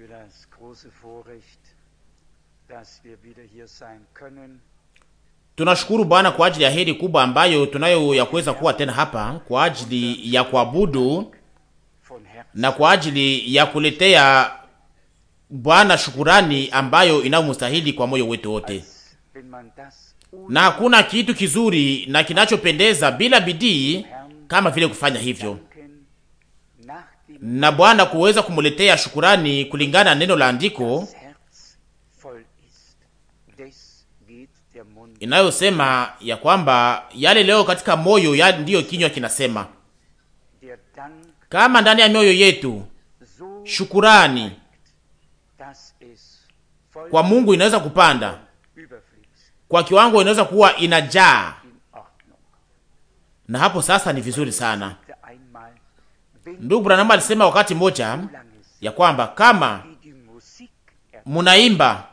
für das große Vorrecht, dass wir wieder hier sein können. Tunashukuru Bwana kwa ajili ya heri kubwa ambayo tunayo ya kuweza kuwa tena hapa kwa ajili ya kuabudu na kwa ajili ya kuletea Bwana shukurani ambayo inayomstahili kwa moyo wetu wote, na hakuna kitu kizuri na kinachopendeza bila bidii kama vile kufanya hivyo na Bwana kuweza kumuletea shukurani kulingana na neno la andiko inayosema ya kwamba yale leo katika moyo ya ndiyo kinywa kinasema. Kama ndani ya mioyo yetu shukurani kwa Mungu inaweza kupanda kwa kiwango, inaweza kuwa inajaa, na hapo sasa ni vizuri sana. Ndugu Branham alisema wakati mmoja ya kwamba kama munaimba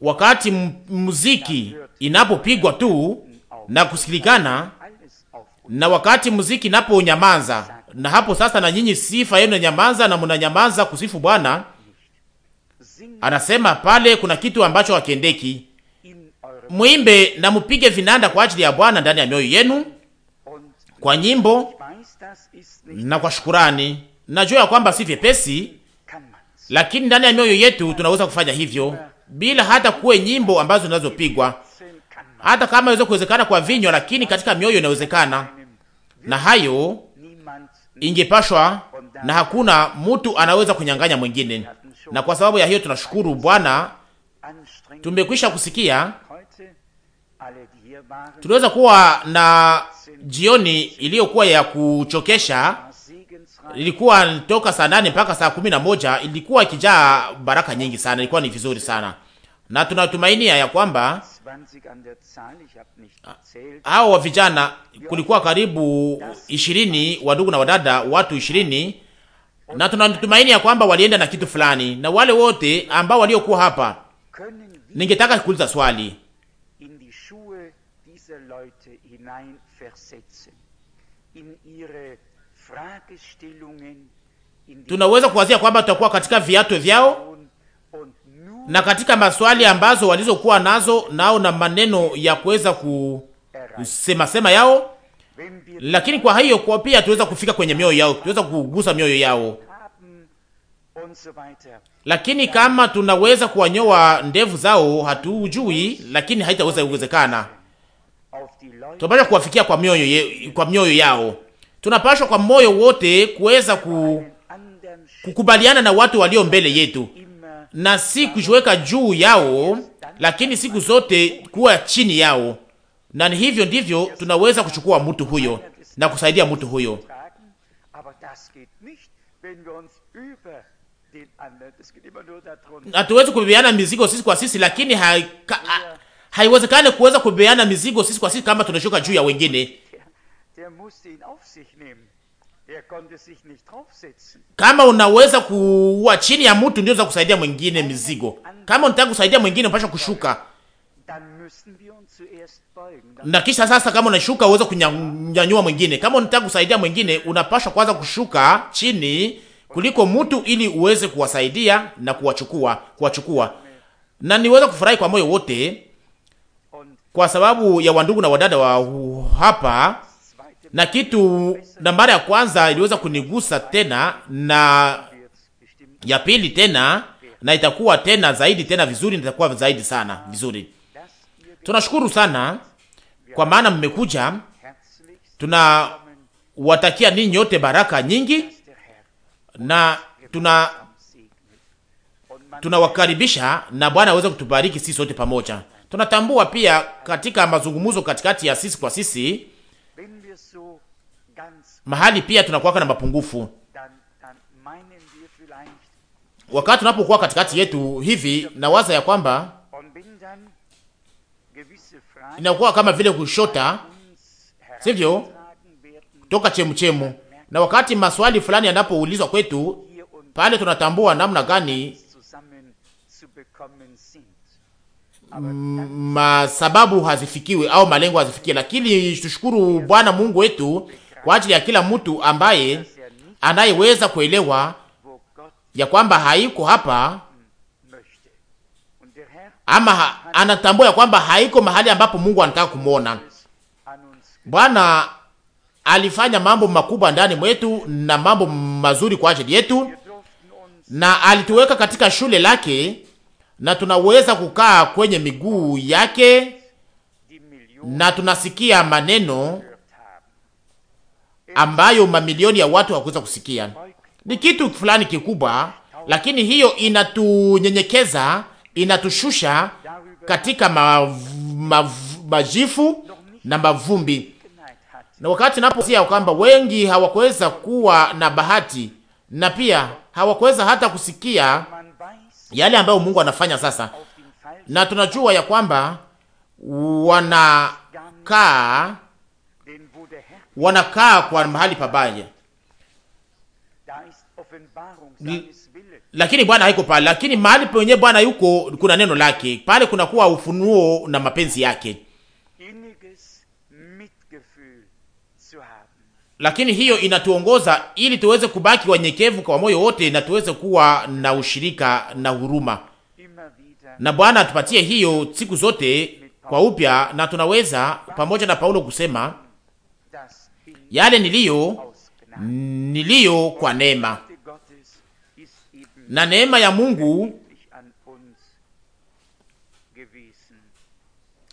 wakati muziki inapopigwa tu na kusikilikana, na wakati muziki inaponyamaza, na hapo sasa na nyinyi sifa yenu nyamaza, na mnanyamaza kusifu Bwana, anasema pale kuna kitu ambacho hakiendeki. Mwimbe na mupige vinanda kwa ajili ya Bwana ndani ya mioyo yenu kwa nyimbo na kwa shukurani. Najua ya kwamba si vyepesi, lakini ndani ya mioyo yetu tunaweza kufanya hivyo bila hata kuwe nyimbo ambazo zinazopigwa, hata kama inaweza kuwezekana kwa vinywa, lakini katika mioyo inawezekana, na hayo ingepashwa, na hakuna mtu anaweza kunyang'anya mwingine. Na kwa sababu ya hiyo tunashukuru Bwana, tumekwisha kusikia tuliweza kuwa na jioni iliyokuwa ya kuchokesha ilikuwa toka saa nane mpaka saa kumi na moja ilikuwa ikijaa baraka nyingi sana, ilikuwa ni vizuri sana, na tunatumainia ya kwamba hao vijana, kulikuwa karibu ishirini wadugu na wadada, watu ishirini, na tunatumaini ya kwamba walienda na kitu fulani, na wale wote ambao waliokuwa hapa, ningetaka kuuliza swali diese Leute hineinversetzen in ihre Fragestellungen tunaweza kuwazia kwamba tutakuwa katika viatu vyao na katika maswali ambazo walizokuwa nazo nao na maneno ya kuweza kusema sema yao, lakini kwa hiyo kwa pia tuweza kufika kwenye mioyo yao, tuweza kugusa mioyo yao. Lakini kama tunaweza kuwanyoa ndevu zao hatujui, lakini haitaweza kuwezekana tunapashwa kuwafikia kwa mioyo, ye, kwa mioyo yao. Tunapashwa kwa moyo wote kuweza ku, kukubaliana na watu walio mbele yetu na si kujiweka juu yao, lakini siku zote kuwa chini yao, na ni hivyo ndivyo tunaweza kuchukua mtu huyo na kusaidia mtu huyo hatuwezi kubebeana mizigo sisi kwa sisi, lakini a, Haiwezekani kuweza kubeana mizigo sisi kwa sisi kama tunashuka juu ya wengine. Er kama unaweza kuwa chini ya mtu ndio za kusaidia mwingine mizigo. Kama unataka kusaidia mwingine unapaswa kushuka. Na kisha sasa, kama unashuka uweze kunyanyua mwingine. Kama unataka kusaidia mwingine unapaswa kwanza kushuka chini kuliko mtu ili uweze kuwasaidia na kuwachukua, kuwachukua. Na niweza kufurahi kwa moyo wote kwa sababu ya wandugu na wadada wa hapa, na kitu nambari ya kwanza iliweza kunigusa tena na ya pili tena, na itakuwa tena zaidi tena vizuri, na itakuwa zaidi sana vizuri. Tunashukuru sana kwa maana mmekuja. Tunawatakia ninyi yote baraka nyingi na tuna tunawakaribisha na Bwana aweze kutubariki sisi sote pamoja. Tunatambua pia katika mazungumzo katikati ya sisi kwa sisi, mahali pia tunakuwa na mapungufu. Wakati tunapokuwa katikati yetu hivi, na waza ya kwamba inakuwa kama vile kushota, sivyo, toka chemuchemu. Na wakati maswali fulani yanapoulizwa kwetu, pale tunatambua namna gani Mm, masababu hazifikiwe au malengo hazifikiwe, lakini tushukuru Bwana Mungu wetu kwa ajili ya kila mtu ambaye anayeweza kuelewa ya kwamba haiko hapa ama anatambua ya kwamba haiko mahali ambapo Mungu anataka kumwona. Bwana alifanya mambo makubwa ndani mwetu na mambo mazuri kwa ajili yetu, na alituweka katika shule lake na tunaweza kukaa kwenye miguu yake na tunasikia maneno ambayo mamilioni ya watu hawakuweza kusikia. Ni kitu fulani kikubwa, lakini hiyo inatunyenyekeza, inatushusha katika majifu na mavumbi. Na wakati naposia kwamba wengi hawakuweza kuwa na bahati na pia hawakuweza hata kusikia yale ambayo Mungu anafanya sasa, na tunajua ya kwamba wanakaa wanakaa kwa mahali pabaya, lakini Bwana haiko pale, lakini mahali penye Bwana yuko kuna neno lake pale, kuna kuwa ufunuo na mapenzi yake. lakini hiyo inatuongoza ili tuweze kubaki wanyekevu kwa moyo wote na tuweze kuwa na ushirika na huruma, na Bwana atupatie hiyo siku zote kwa upya, na tunaweza pamoja na Paulo kusema yale niliyo niliyo kwa neema, na neema ya Mungu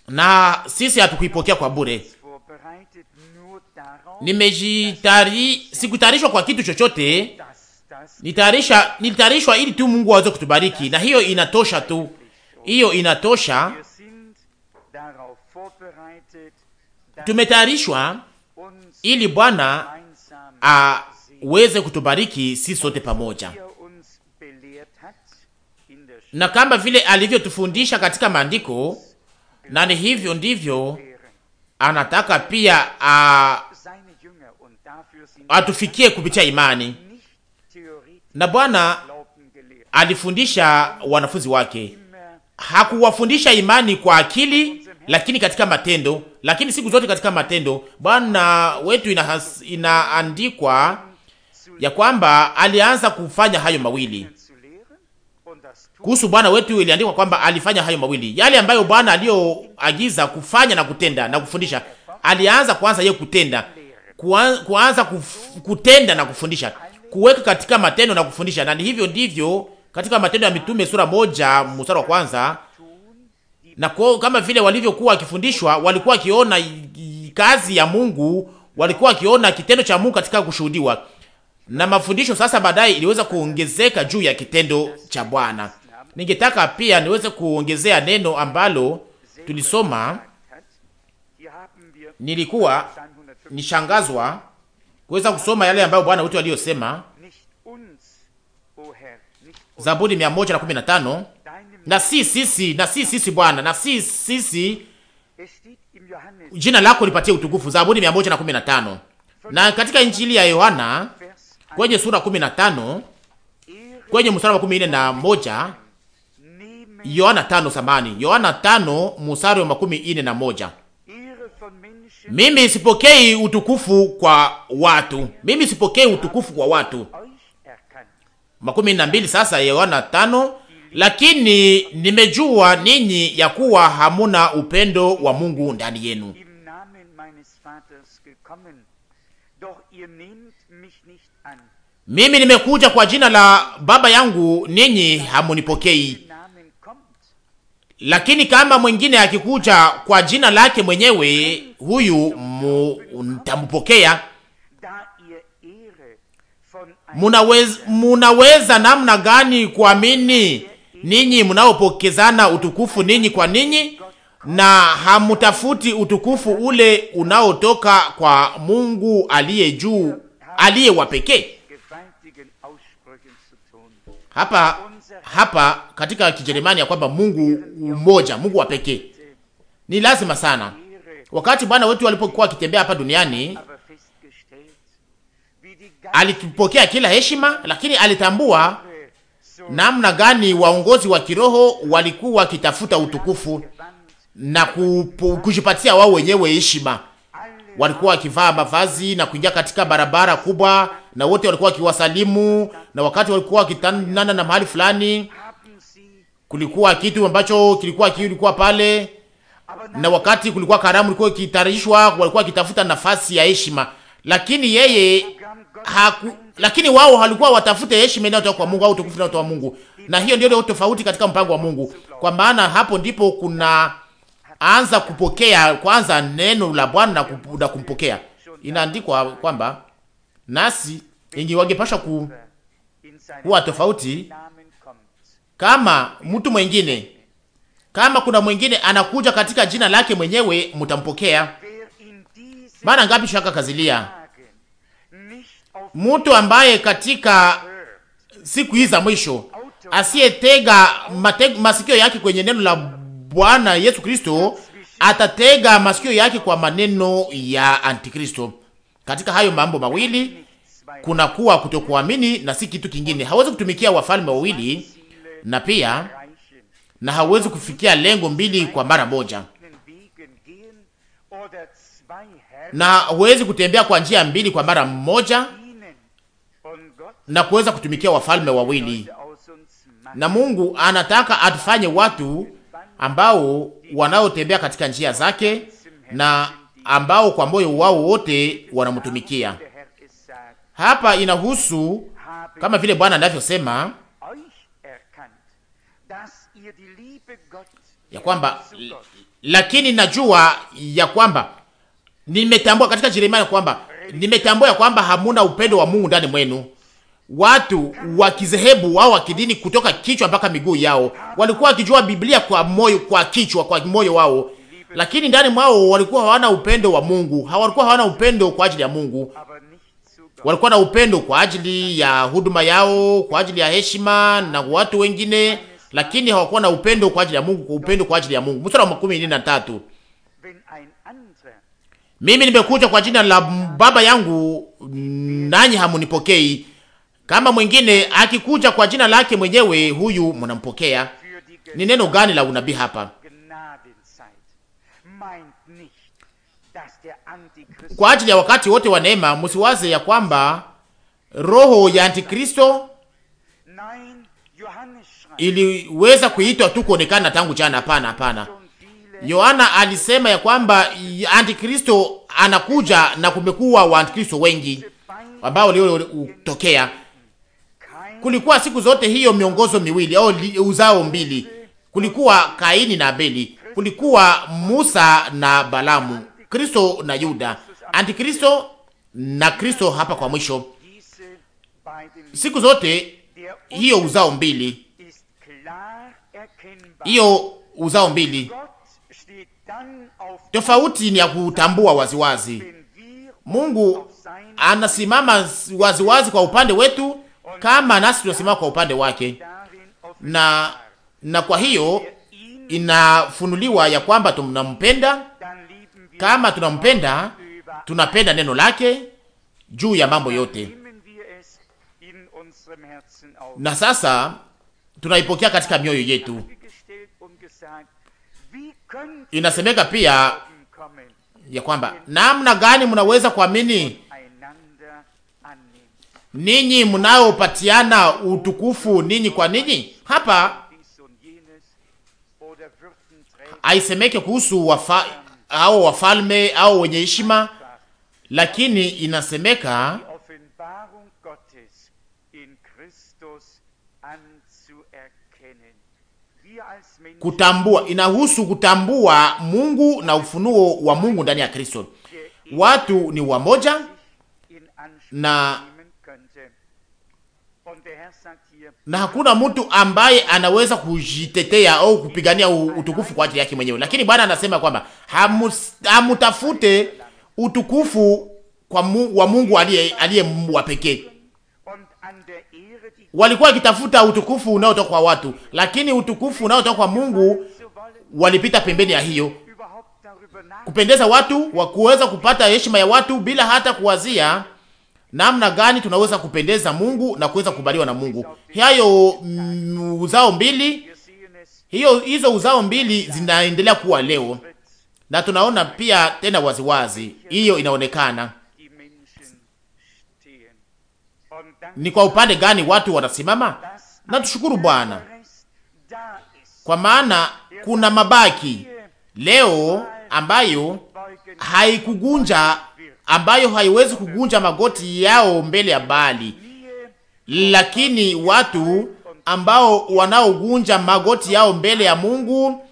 na sisi hatukuipokea kwa bure nimejitari sikutarishwa kwa kitu chochote, nitarisha nilitayarishwa ili tu Mungu aweze kutubariki, na hiyo inatosha tu, hiyo inatosha. Tumetayarishwa ili Bwana aweze kutubariki si sote pamoja, na kama vile alivyotufundisha katika maandiko, na ni hivyo ndivyo anataka pia a ah, atufikie kupitia imani. Na Bwana alifundisha wanafunzi wake, hakuwafundisha imani kwa akili, lakini katika matendo, lakini siku zote katika matendo. Bwana wetu inahas, inaandikwa ya kwamba alianza kufanya hayo mawili. Kuhusu Bwana wetu iliandikwa kwamba alifanya hayo mawili, yale ambayo Bwana aliyoagiza kufanya na kutenda na kufundisha. Alianza kwanza yeye kutenda, kuanza kutenda na kufundisha, kuweka katika matendo na kufundisha. Na hivyo ndivyo katika Matendo ya Mitume sura moja mstari wa kwanza na kwa, kama vile walivyokuwa wakifundishwa, walikuwa wakiona kazi ya Mungu, walikuwa wakiona kitendo cha Mungu katika kushuhudiwa na mafundisho. Sasa baadaye iliweza kuongezeka juu ya kitendo cha Bwana. Ningetaka pia niweze kuongezea neno ambalo tulisoma, nilikuwa nishangazwa kuweza kusoma yale ambayo Bwana wetu aliyosema Zaburi 115 na si sisi na si sisi Bwana na si sisi jina lako lipatie utukufu. Zaburi 115 na katika Injili ya Yohana kwenye sura 15 kwenye mstari wa 14 na moja Yohana 5 samani Yohana 5 mstari wa 14 na moja mimi sipokei utukufu kwa watu, mimi sipokei utukufu kwa watu. Makumi na mbili sasa, Yohana tano. Lakini nimejua ninyi ya kuwa hamuna upendo wa Mungu ndani yenu. Mimi nimekuja kwa jina la Baba yangu, ninyi hamunipokei lakini kama mwingine akikuja kwa jina lake mwenyewe, huyu mtampokea. Munaweza, munaweza namna gani kuamini ninyi mnaopokezana utukufu ninyi kwa ninyi na hamutafuti utukufu ule unaotoka kwa Mungu aliye juu aliye wa pekee? hapa hapa katika Kijerumani ya kwamba Mungu mmoja, Mungu wa pekee ni lazima sana. Wakati Bwana wetu alipokuwa akitembea hapa duniani, alitupokea kila heshima, lakini alitambua namna gani waongozi wa kiroho walikuwa wakitafuta utukufu na kujipatia wao wenyewe heshima walikuwa wakivaa mavazi na kuingia katika barabara kubwa, na wote walikuwa wakiwasalimu, na wakati walikuwa wakitanana na mahali fulani, kulikuwa kitu ambacho kilikuwa kilikuwa pale, na wakati kulikuwa karamu ilikuwa ikitarishwa, walikuwa wakitafuta nafasi ya heshima, lakini yeye haku, lakini wao walikuwa watafute heshima inayotoka kwa Mungu au utukufu unaotoka kwa Mungu, na hiyo ndio tofauti katika mpango wa Mungu, kwa maana hapo ndipo kuna anza kupokea kwanza neno la Bwana na kumpokea. Inaandikwa kwamba nasi ingi wangepasha ku, kuwa tofauti kama mtu mwengine, kama kuna mwengine anakuja katika jina lake mwenyewe, mtampokea. Mara ngapi shaka kazilia mtu ambaye katika siku hizi za mwisho asiyetega masikio yake kwenye neno la Bwana Yesu Kristo atatega masikio yake kwa maneno ya Antikristo. Katika hayo mambo mawili kunakuwa kutokuamini na si kitu kingine. Hawezi kutumikia wafalme wawili, na pia na hawezi kufikia lengo mbili kwa mara moja, na huwezi kutembea kwa njia mbili kwa mara moja na kuweza kutumikia wafalme wawili, na Mungu anataka atufanye watu ambao wanaotembea katika njia zake na ambao kwa moyo wao wote wanamtumikia. Hapa inahusu kama vile Bwana anavyosema ya kwamba lakini najua ya kwamba nimetambua katika Yeremia ya kwamba nimetambua ya kwamba hamuna upendo wa Mungu ndani mwenu, watu wa kizehebu au wa kidini kutoka kichwa mpaka miguu yao walikuwa wakijua Biblia kwa moyo, kwa kichwa, kwa moyo wao, lakini ndani mwao walikuwa hawana upendo wa Mungu, hawakuwa hawana upendo kwa ajili ya Mungu. Walikuwa na upendo kwa ajili ya huduma yao, kwa ajili ya heshima na watu wengine, lakini hawakuwa na upendo kwa ajili ya Mungu, upendo kwa ajili ya Mungu. Mstari wa makumi na tatu mimi nimekuja kwa jina la Baba yangu nanyi hamunipokei kama mwingine akikuja kwa jina lake mwenyewe, huyu mnampokea. Ni neno gani la unabii hapa? Kwa ajili ya wakati wote wa neema, msiwaze ya kwamba roho ya Antikristo iliweza kuitwa tu kuonekana tangu jana. Hapana, hapana. Yohana alisema ya kwamba Antikristo anakuja na kumekuwa wa Antikristo wengi ambao leo kulikuwa siku zote hiyo miongozo miwili au uzao mbili, kulikuwa Kaini na Abeli, kulikuwa Musa na Balamu, Kristo na Yuda, Antikristo na Kristo hapa kwa mwisho. Siku zote hiyo uzao mbili, hiyo uzao mbili. Tofauti ni ya kutambua waziwazi. Mungu anasimama waziwazi kwa upande wetu kama nasi tunasimama kwa upande wake, na na kwa hiyo inafunuliwa ya kwamba tunampenda. Kama tunampenda, tunapenda neno lake juu ya mambo yote, na sasa tunaipokea katika mioyo yetu. Inasemeka pia ya kwamba namna gani mnaweza kuamini ninyi mnaopatiana utukufu ninyi kwa ninyi. Hapa haisemeke kuhusu wafa, au wafalme au wenye heshima, lakini inasemeka kutambua, inahusu kutambua Mungu na ufunuo wa Mungu ndani ya Kristo. Watu ni wamoja na na hakuna mtu ambaye anaweza kujitetea au kupigania utukufu kwa ajili yake mwenyewe, lakini Bwana anasema kwamba hamutafute utukufu kwa mu, wa Mungu aliye aliye wa pekee. Walikuwa wakitafuta utukufu unaotoka kwa watu, lakini utukufu unaotoka kwa Mungu walipita pembeni ya hiyo, kupendeza watu, wa kuweza kupata heshima ya watu bila hata kuwazia namna gani tunaweza kupendeza Mungu na kuweza kubaliwa na Mungu. Hayo mm, uzao mbili hiyo, hizo uzao mbili zinaendelea kuwa leo, na tunaona pia tena waziwazi hiyo wazi, inaonekana ni kwa upande gani watu wanasimama, na tushukuru Bwana kwa maana kuna mabaki leo ambayo haikugunja ambayo haiwezi kugunja magoti yao mbele ya Baali, lakini watu ambao wanaogunja magoti yao mbele ya Mungu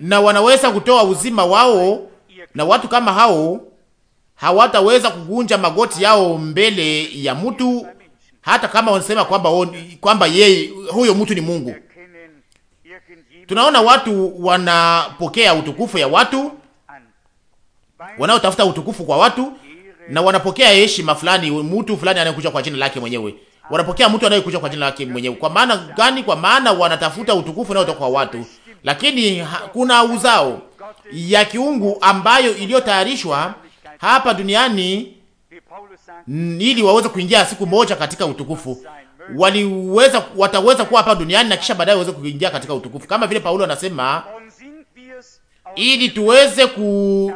na wanaweza kutoa uzima wao, na watu kama hao hawataweza kugunja magoti yao mbele ya mtu, hata kama wanasema kwamba kwamba yeye huyo mtu ni Mungu. Tunaona watu wanapokea utukufu ya watu wanaotafuta utukufu kwa watu na wanapokea heshima fulani, mtu fulani anayekuja kwa jina lake mwenyewe, wanapokea mtu anayekuja kwa jina lake mwenyewe. Kwa maana gani? Kwa maana wanatafuta utukufu unaotoka kwa watu, lakini ha, kuna uzao ya kiungu ambayo iliyotayarishwa hapa duniani ili waweze kuingia siku moja katika utukufu waliweza wataweza kuwa hapa duniani na kisha baadaye waweze kuingia katika utukufu, kama vile Paulo anasema, ili tuweze ku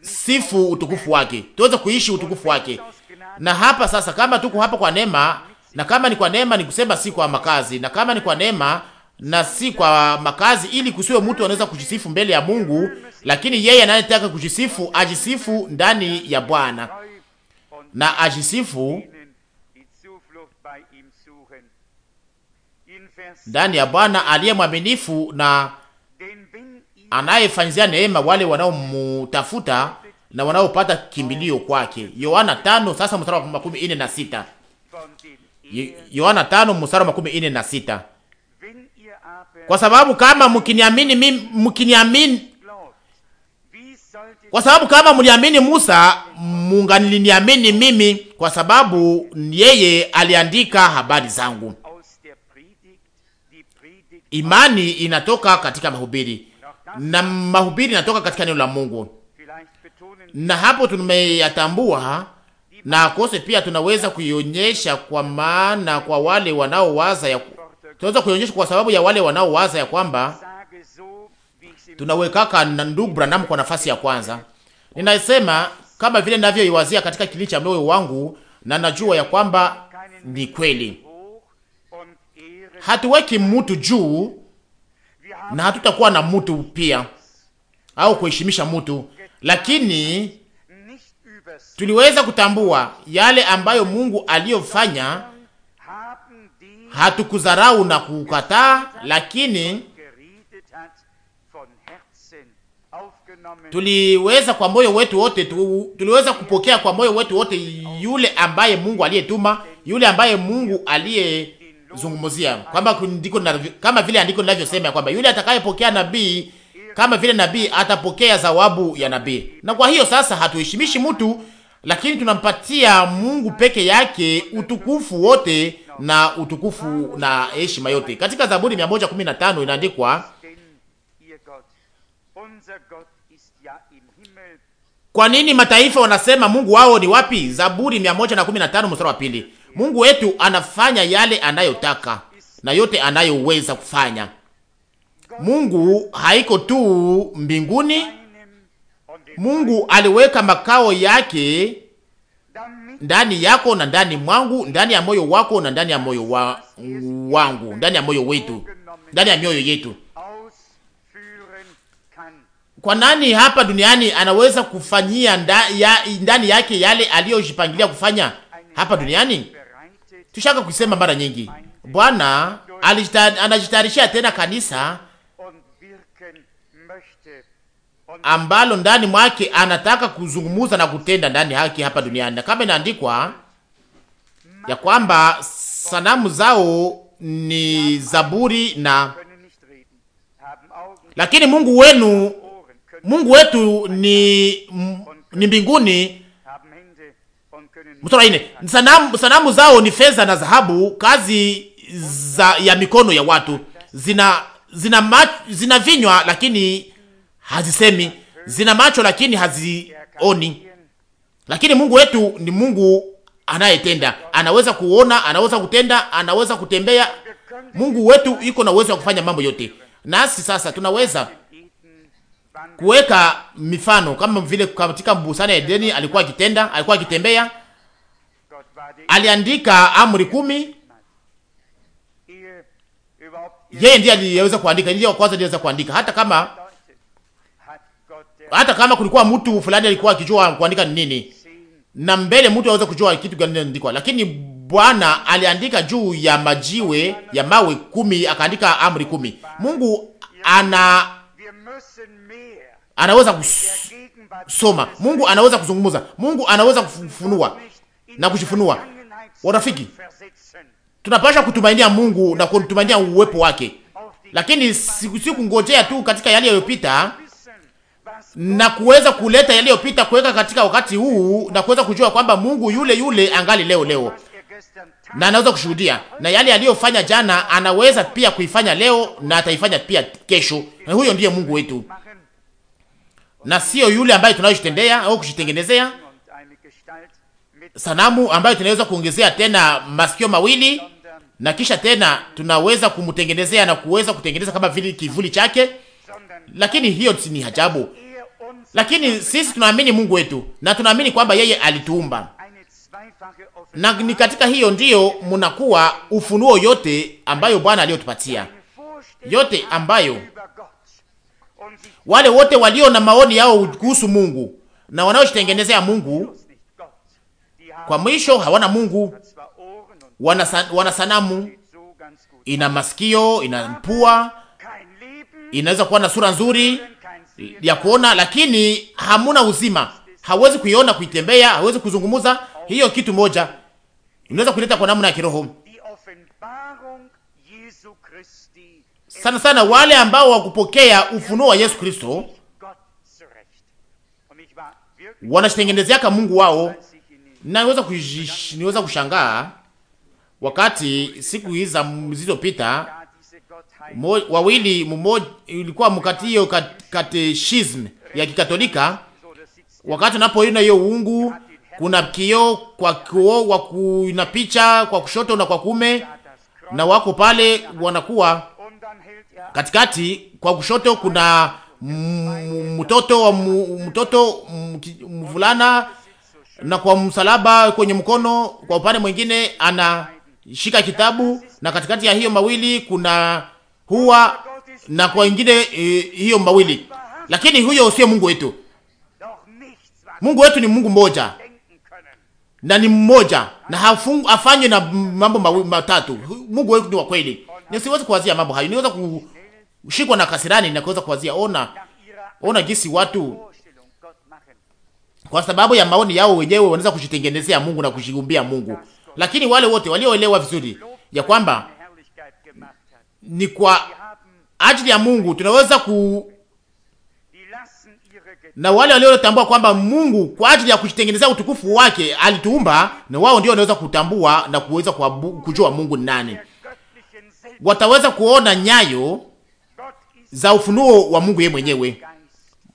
sifu utukufu wake, tuweze kuishi utukufu wake. Na hapa sasa, kama tuko hapa kwa neema, na kama ni kwa neema, ni kusema si kwa makazi, na kama ni kwa neema na si kwa makazi, ili kusiwe mtu anaweza kujisifu mbele ya Mungu, lakini yeye anayetaka kujisifu ajisifu ndani ya Bwana na ajisifu ndani ya Bwana aliye mwaminifu na anayefanyizia neema wale wanaomutafuta na wanaopata kimbilio kwake. Yohana tano sasa mstari wa makumi ine na sita. Yohana tano mstari wa makumi ine na sita. Kwa sababu kama mkiniamini mimi, mkiniamini kwa sababu kama mliamini Musa, mungaliniamini mimi, kwa sababu yeye aliandika habari zangu. Imani inatoka katika mahubiri na mahubiri natoka katika neno la Mungu, na hapo tumeyatambua na akose pia tunaweza kuionyesha kwa maana kwa wale wanaowaza ya tunaweza kuionyesha kwa sababu ya wale wanaowaza ya kwamba tunawekaka na ndugu Branham kwa nafasi ya kwanza. Ninasema kama vile ninavyoiwazia katika kilii cha moyo wangu, na najua ya kwamba ni kweli. Hatuweki mtu juu na hatutakuwa na mtu pia au kuheshimisha mtu, lakini tuliweza kutambua yale ambayo Mungu aliyofanya. Hatukudharau na kukataa, lakini tuliweza kwa moyo wetu wote tu, tuliweza kupokea kwa moyo wetu wote yule ambaye Mungu aliyetuma, yule ambaye Mungu aliye zungumzia kwamba ndiko kama vile andiko linavyosema kwamba yule atakayepokea nabii kama vile nabii atapokea zawabu ya nabii. Na kwa hiyo sasa hatuheshimishi mtu, lakini tunampatia Mungu peke yake utukufu wote na utukufu na heshima yote. Katika Zaburi 115 inaandikwa kwa nini mataifa wanasema Mungu wao ni wapi? Zaburi 115 mstari wa pili. Mungu wetu anafanya yale anayotaka na yote anayoweza kufanya. Mungu haiko tu mbinguni. Mungu aliweka makao yake ndani yako na ndani mwangu, ndani ya moyo wako na ndani ya moyo wa, wangu, ndani ya moyo wetu, ndani ya mioyo yetu. Kwa nani hapa duniani anaweza kufanyia ndani yake yale aliyojipangilia kufanya hapa duniani? tushaka kusema mara nyingi, Bwana anajitayarishia tena kanisa ambalo ndani mwake anataka kuzungumuza na kutenda ndani yake hapa duniani, na kama inaandikwa ya kwamba sanamu zao ni Zaburi na lakini Mungu wenu Mungu wetu ni, ni mbinguni Mstari ine, sanamu, sanamu zao ni fedha na dhahabu, kazi za, ya mikono ya watu. Zina zina mach, zina vinywa lakini hazisemi, zina macho lakini hazioni. Lakini Mungu wetu ni Mungu anayetenda, anaweza kuona, anaweza kutenda, anaweza kutembea. Mungu wetu iko na uwezo wa kufanya mambo yote, nasi sasa tunaweza kuweka mifano kama vile katika bustani ya Edeni alikuwa akitenda, alikuwa akitembea aliandika amri kumi. Yeye ndiye aliyeweza kuandika, ndiye wa kwanza aliweza kuandika, hata kama hata kama kulikuwa mtu fulani alikuwa akijua kuandika ni nini, na mbele mtu aweza kujua kitu gani kinaandikwa, lakini Bwana aliandika juu ya majiwe ya mawe kumi, akaandika amri kumi. Mungu ana anaweza kusoma, Mungu anaweza kuzungumza, Mungu anaweza kufunua, na kujifunua. Warafiki, tunapasha kutumainia Mungu na kutumainia uwepo wake, lakini si kungojea tu katika yale yaliyopita na kuweza kuleta yaliyopita kuweka katika wakati huu na kuweza kujua kwamba Mungu yule yule angali leo leo na anaweza kushuhudia, na yale aliyofanya jana anaweza pia kuifanya leo na ataifanya pia kesho. Na huyo ndiye Mungu wetu, na sio yule ambaye tunayojitendea au kujitengenezea sanamu ambayo tunaweza kuongezea tena masikio mawili na kisha tena tunaweza kumtengenezea na kuweza kutengeneza kama vile kivuli chake, lakini hiyo si ni ajabu. Lakini sisi tunaamini Mungu wetu na tunaamini kwamba yeye alituumba, na ni katika hiyo ndiyo munakuwa ufunuo yote ambayo Bwana aliyotupatia, yote ambayo wale wote walio na maoni yao kuhusu Mungu na wanaojitengenezea Mungu kwa mwisho hawana Mungu, wana, wana sanamu, ina masikio, ina mpua, inaweza kuwa na sura nzuri ya kuona, lakini hamuna uzima. Hawezi kuiona, kuitembea, hawezi kuzungumuza. Hiyo kitu moja inaweza kuleta kwa namna ya kiroho sana sana wale ambao wakupokea ufunuo wa Yesu Kristo wanashitengenezeaka Mungu wao Naweza kujish, niweza kushangaa wakati siku hizi zilizopita wawili mmoja, ilikuwa mkati hiyo katechism ya Kikatolika, wakati unapoona hiyo uungu, kuna kio kwa kio kuna picha kwa kushoto na kwa kume, na wako pale wanakuwa katikati, kwa kushoto kuna mtoto wa mtoto mvulana na kwa msalaba kwenye mkono, kwa upande mwingine anashika kitabu, na katikati ya hiyo mawili kuna huwa na kwa ingine e, hiyo mawili, lakini huyo sio Mungu wetu. Mungu wetu ni Mungu mmoja na ni mmoja na afanye na mambo matatu. Mungu wetu ni wa kweli. Nisiwezi kuwazia mambo hayo, niweza kushikwa na kasirani na kuweza kuwazia, ona ona jinsi watu kwa sababu ya maoni yao wenyewe wanaweza kujitengenezea Mungu na kushigumbia Mungu, lakini wale wote walioelewa vizuri ya kwamba ni kwa ajili ya Mungu tunaweza ku na wale waliotambua kwamba Mungu kwa ajili ya kujitengenezea utukufu wake alituumba, na wao ndio wanaweza kutambua na kuweza kujua Mungu ni nani. Wataweza kuona nyayo za ufunuo wa Mungu yeye mwenyewe.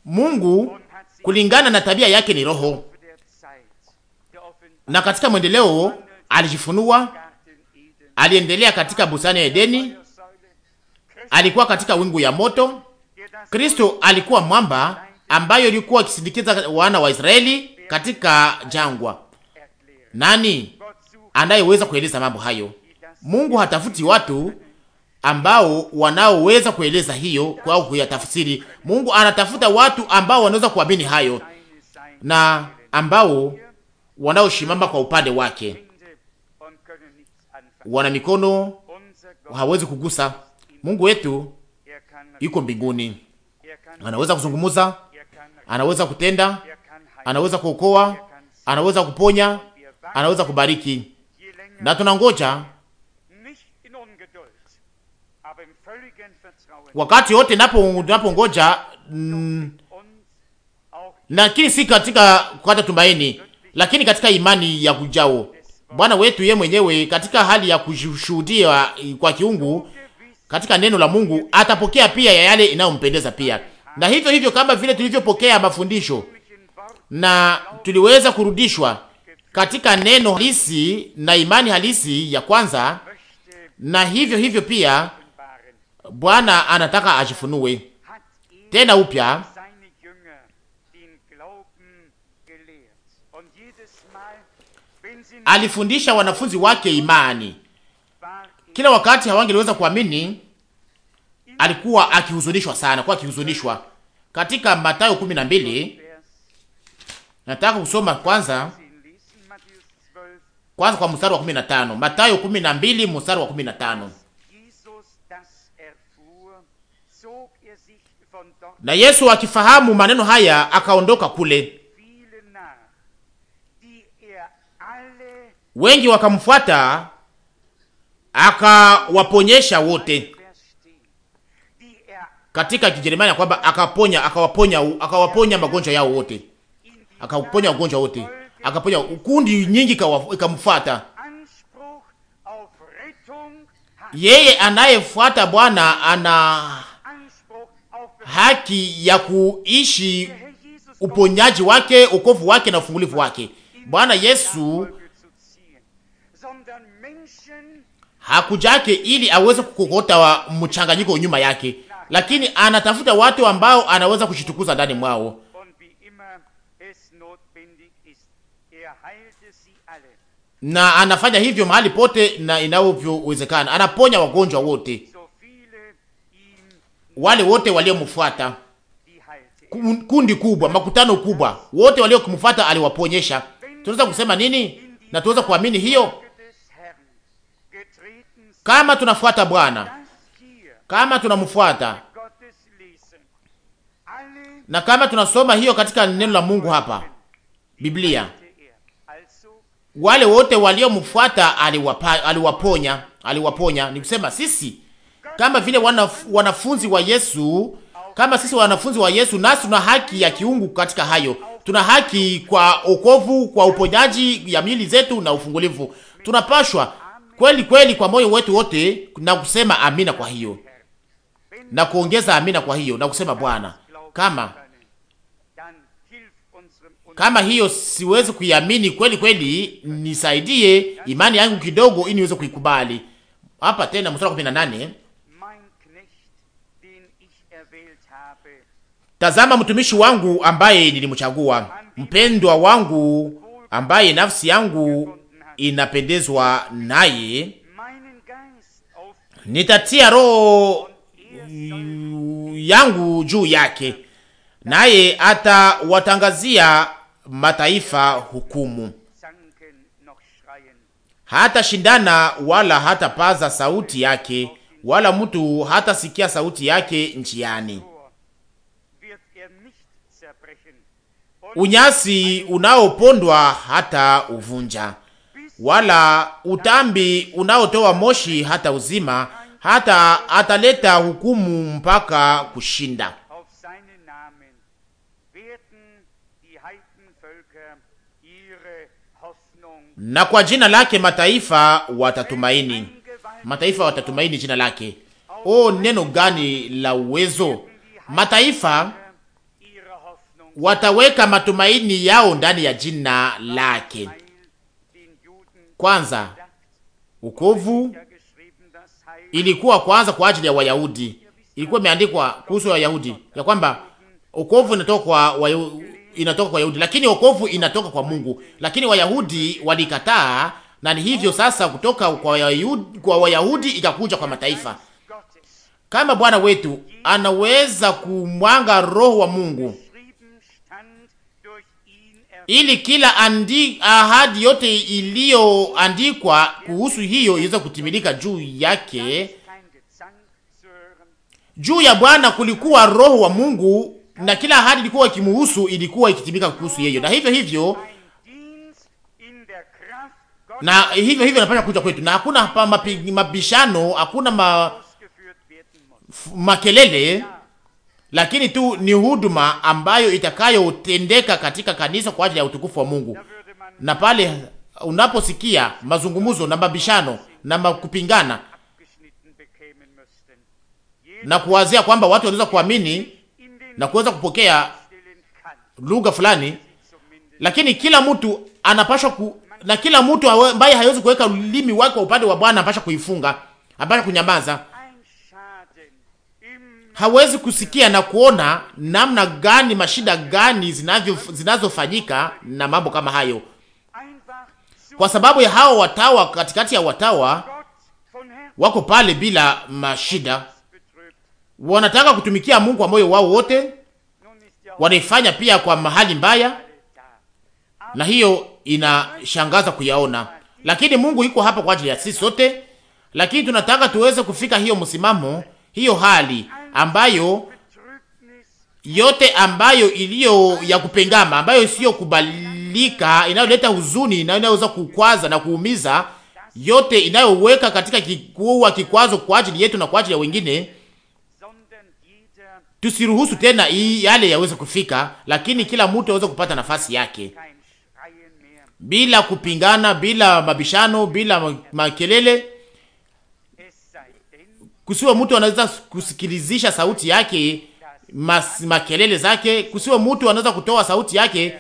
Mungu kulingana na tabia yake ni roho, na katika mwendeleo alijifunua, aliendelea katika bustani ya Edeni, alikuwa katika wingu ya moto. Kristo alikuwa mwamba ambayo ilikuwa ikisindikiza wana wa Israeli katika jangwa. Nani anayeweza kueleza mambo hayo? Mungu hatafuti watu ambao wanaoweza kueleza hiyo au kuyatafsiri. Mungu anatafuta watu ambao wanaweza kuamini hayo na ambao wanaoshimama kwa upande wake, wana mikono hawezi kugusa. Mungu wetu yuko mbinguni, anaweza kuzungumuza, anaweza kutenda, anaweza kuokoa, anaweza kuponya, anaweza kubariki, na tunangoja wakati wote napongoja ngoja mm, lakini si katika kukata tumaini, lakini katika imani ya kujao Bwana wetu ye mwenyewe katika hali ya kushuhudia kwa kiungu katika neno la Mungu atapokea pia ya yale inayompendeza pia. Na hivyo hivyo kama vile tulivyopokea mafundisho na tuliweza kurudishwa katika neno halisi na imani halisi ya kwanza, na hivyo hivyo pia Bwana anataka ajifunue tena upya alifundisha wanafunzi wake imani. Kila wakati hawangeliweza kuamini, alikuwa akihuzunishwa sana, kwa akihuzunishwa. Katika Mathayo 12 nataka kusoma kwanza kwanza kwa mstari wa 15, Mathayo 12 mstari wa 15. Na Yesu akifahamu maneno haya akaondoka kule, wengi wakamfuata, akawaponyesha wote katika Kijerumani kwamba akaponya akawaponya akawaponya magonjwa yao wote, akaponya ugonjwa wote, akaponya ukundi nyingi ikamfuata yeye. Anayefuata Bwana ana haki ya kuishi uponyaji wake, ukovu wake na ufungulivu wake. Bwana Yesu hakujake ili aweze kukokota mchanganyiko nyuma yake, lakini anatafuta watu ambao anaweza kushitukuza ndani mwao. Na anafanya hivyo mahali pote na inavyowezekana, anaponya wagonjwa wote wale wote waliomfuata, kundi kubwa, makutano kubwa, wote waliokumfuata aliwaponyesha. Tunaweza kusema nini? Na tunaweza kuamini hiyo, kama tunafuata Bwana, kama tunamfuata na kama tunasoma hiyo katika neno la Mungu hapa Biblia, wale wote waliomfuata aliwaponya, aliwaponya. Ni kusema sisi kama vile wanaf, wanafunzi wa Yesu, kama sisi wanafunzi wa Yesu, nasi tuna haki ya kiungu katika hayo. Tuna haki kwa okovu, kwa uponyaji ya mili zetu na ufungulivu. Tunapashwa kweli kweli kwa moyo wetu wote na kusema amina kwa hiyo na kuongeza amina kwa hiyo na kusema Bwana, kama kama hiyo siwezi kuiamini kweli kweli, nisaidie imani yangu kidogo ili niweze kuikubali. Hapa tena mstari wa 18 Tazama mtumishi wangu ambaye nilimchagua, mpendwa wangu ambaye nafsi yangu inapendezwa naye, nitatia roho yangu juu yake, naye atawatangazia mataifa hukumu. Hata shindana wala hata paza sauti yake, wala mtu hata sikia sauti yake njiani. unyasi unaopondwa hata uvunja, wala utambi unaotoa moshi hata uzima, hata ataleta hukumu mpaka kushinda. Na kwa jina lake mataifa watatumaini, mataifa watatumaini jina lake. O, neno gani la uwezo! Mataifa wataweka matumaini yao ndani ya jina lake. Kwanza ukovu ilikuwa kwanza kwa ajili ya Wayahudi, ilikuwa imeandikwa kuhusu Wayahudi ya kwamba ukovu inatoka kwa Wayahudi, inatoka kwa Wayahudi, lakini ukovu inatoka kwa Mungu, lakini Wayahudi walikataa, na ni hivyo sasa kutoka kwa Wayahudi, kwa Wayahudi ikakuja kwa mataifa. Kama Bwana wetu anaweza kumwanga roho wa Mungu ili kila andi, ahadi yote iliyoandikwa kuhusu hiyo iweze kutimilika juu yake. Juu ya Bwana kulikuwa roho wa Mungu na kila ahadi ilikuwa ikimuhusu ilikuwa ikitimika kuhusu yeye, na hivyo hivyo na hivyo hivyo napasha kuja kwetu, na hakuna mapishano, hakuna ma, makelele lakini tu ni huduma ambayo itakayotendeka katika kanisa kwa ajili ya utukufu wa Mungu. Na pale unaposikia mazungumzo na mabishano na makupingana na kuwazia kwamba watu wanaweza kuamini na kuweza kupokea lugha fulani, lakini kila mtu anapaswa ku, na kila mtu ambaye hawezi kuweka ulimi wake kwa upande wa Bwana anapaswa kuifunga, anapaswa kunyamaza hawezi kusikia na kuona namna gani mashida gani zinavyo zinazofanyika na mambo kama hayo, kwa sababu ya hao watawa katikati ya watawa wako pale bila mashida, wanataka kutumikia Mungu kwa moyo wao wote, wanaifanya pia kwa mahali mbaya, na hiyo inashangaza kuyaona, lakini Mungu yuko hapa kwa ajili ya sisi sote, lakini tunataka tuweze kufika hiyo msimamo, hiyo hali ambayo yote ambayo iliyo ya kupengama, ambayo siyo kubalika, inayoleta huzuni na inayoweza kukwaza na kuumiza, yote inayoweka katika kikuwa kikwazo kwa ajili yetu na kwa ajili ya wengine, tusiruhusu tena hii yale yaweze kufika, lakini kila mtu aweze kupata nafasi yake bila kupingana, bila mabishano, bila makelele kusiwe mtu anaweza kusikilizisha sauti yake mas, makelele zake, kusiwe mtu anaweza kutoa sauti yake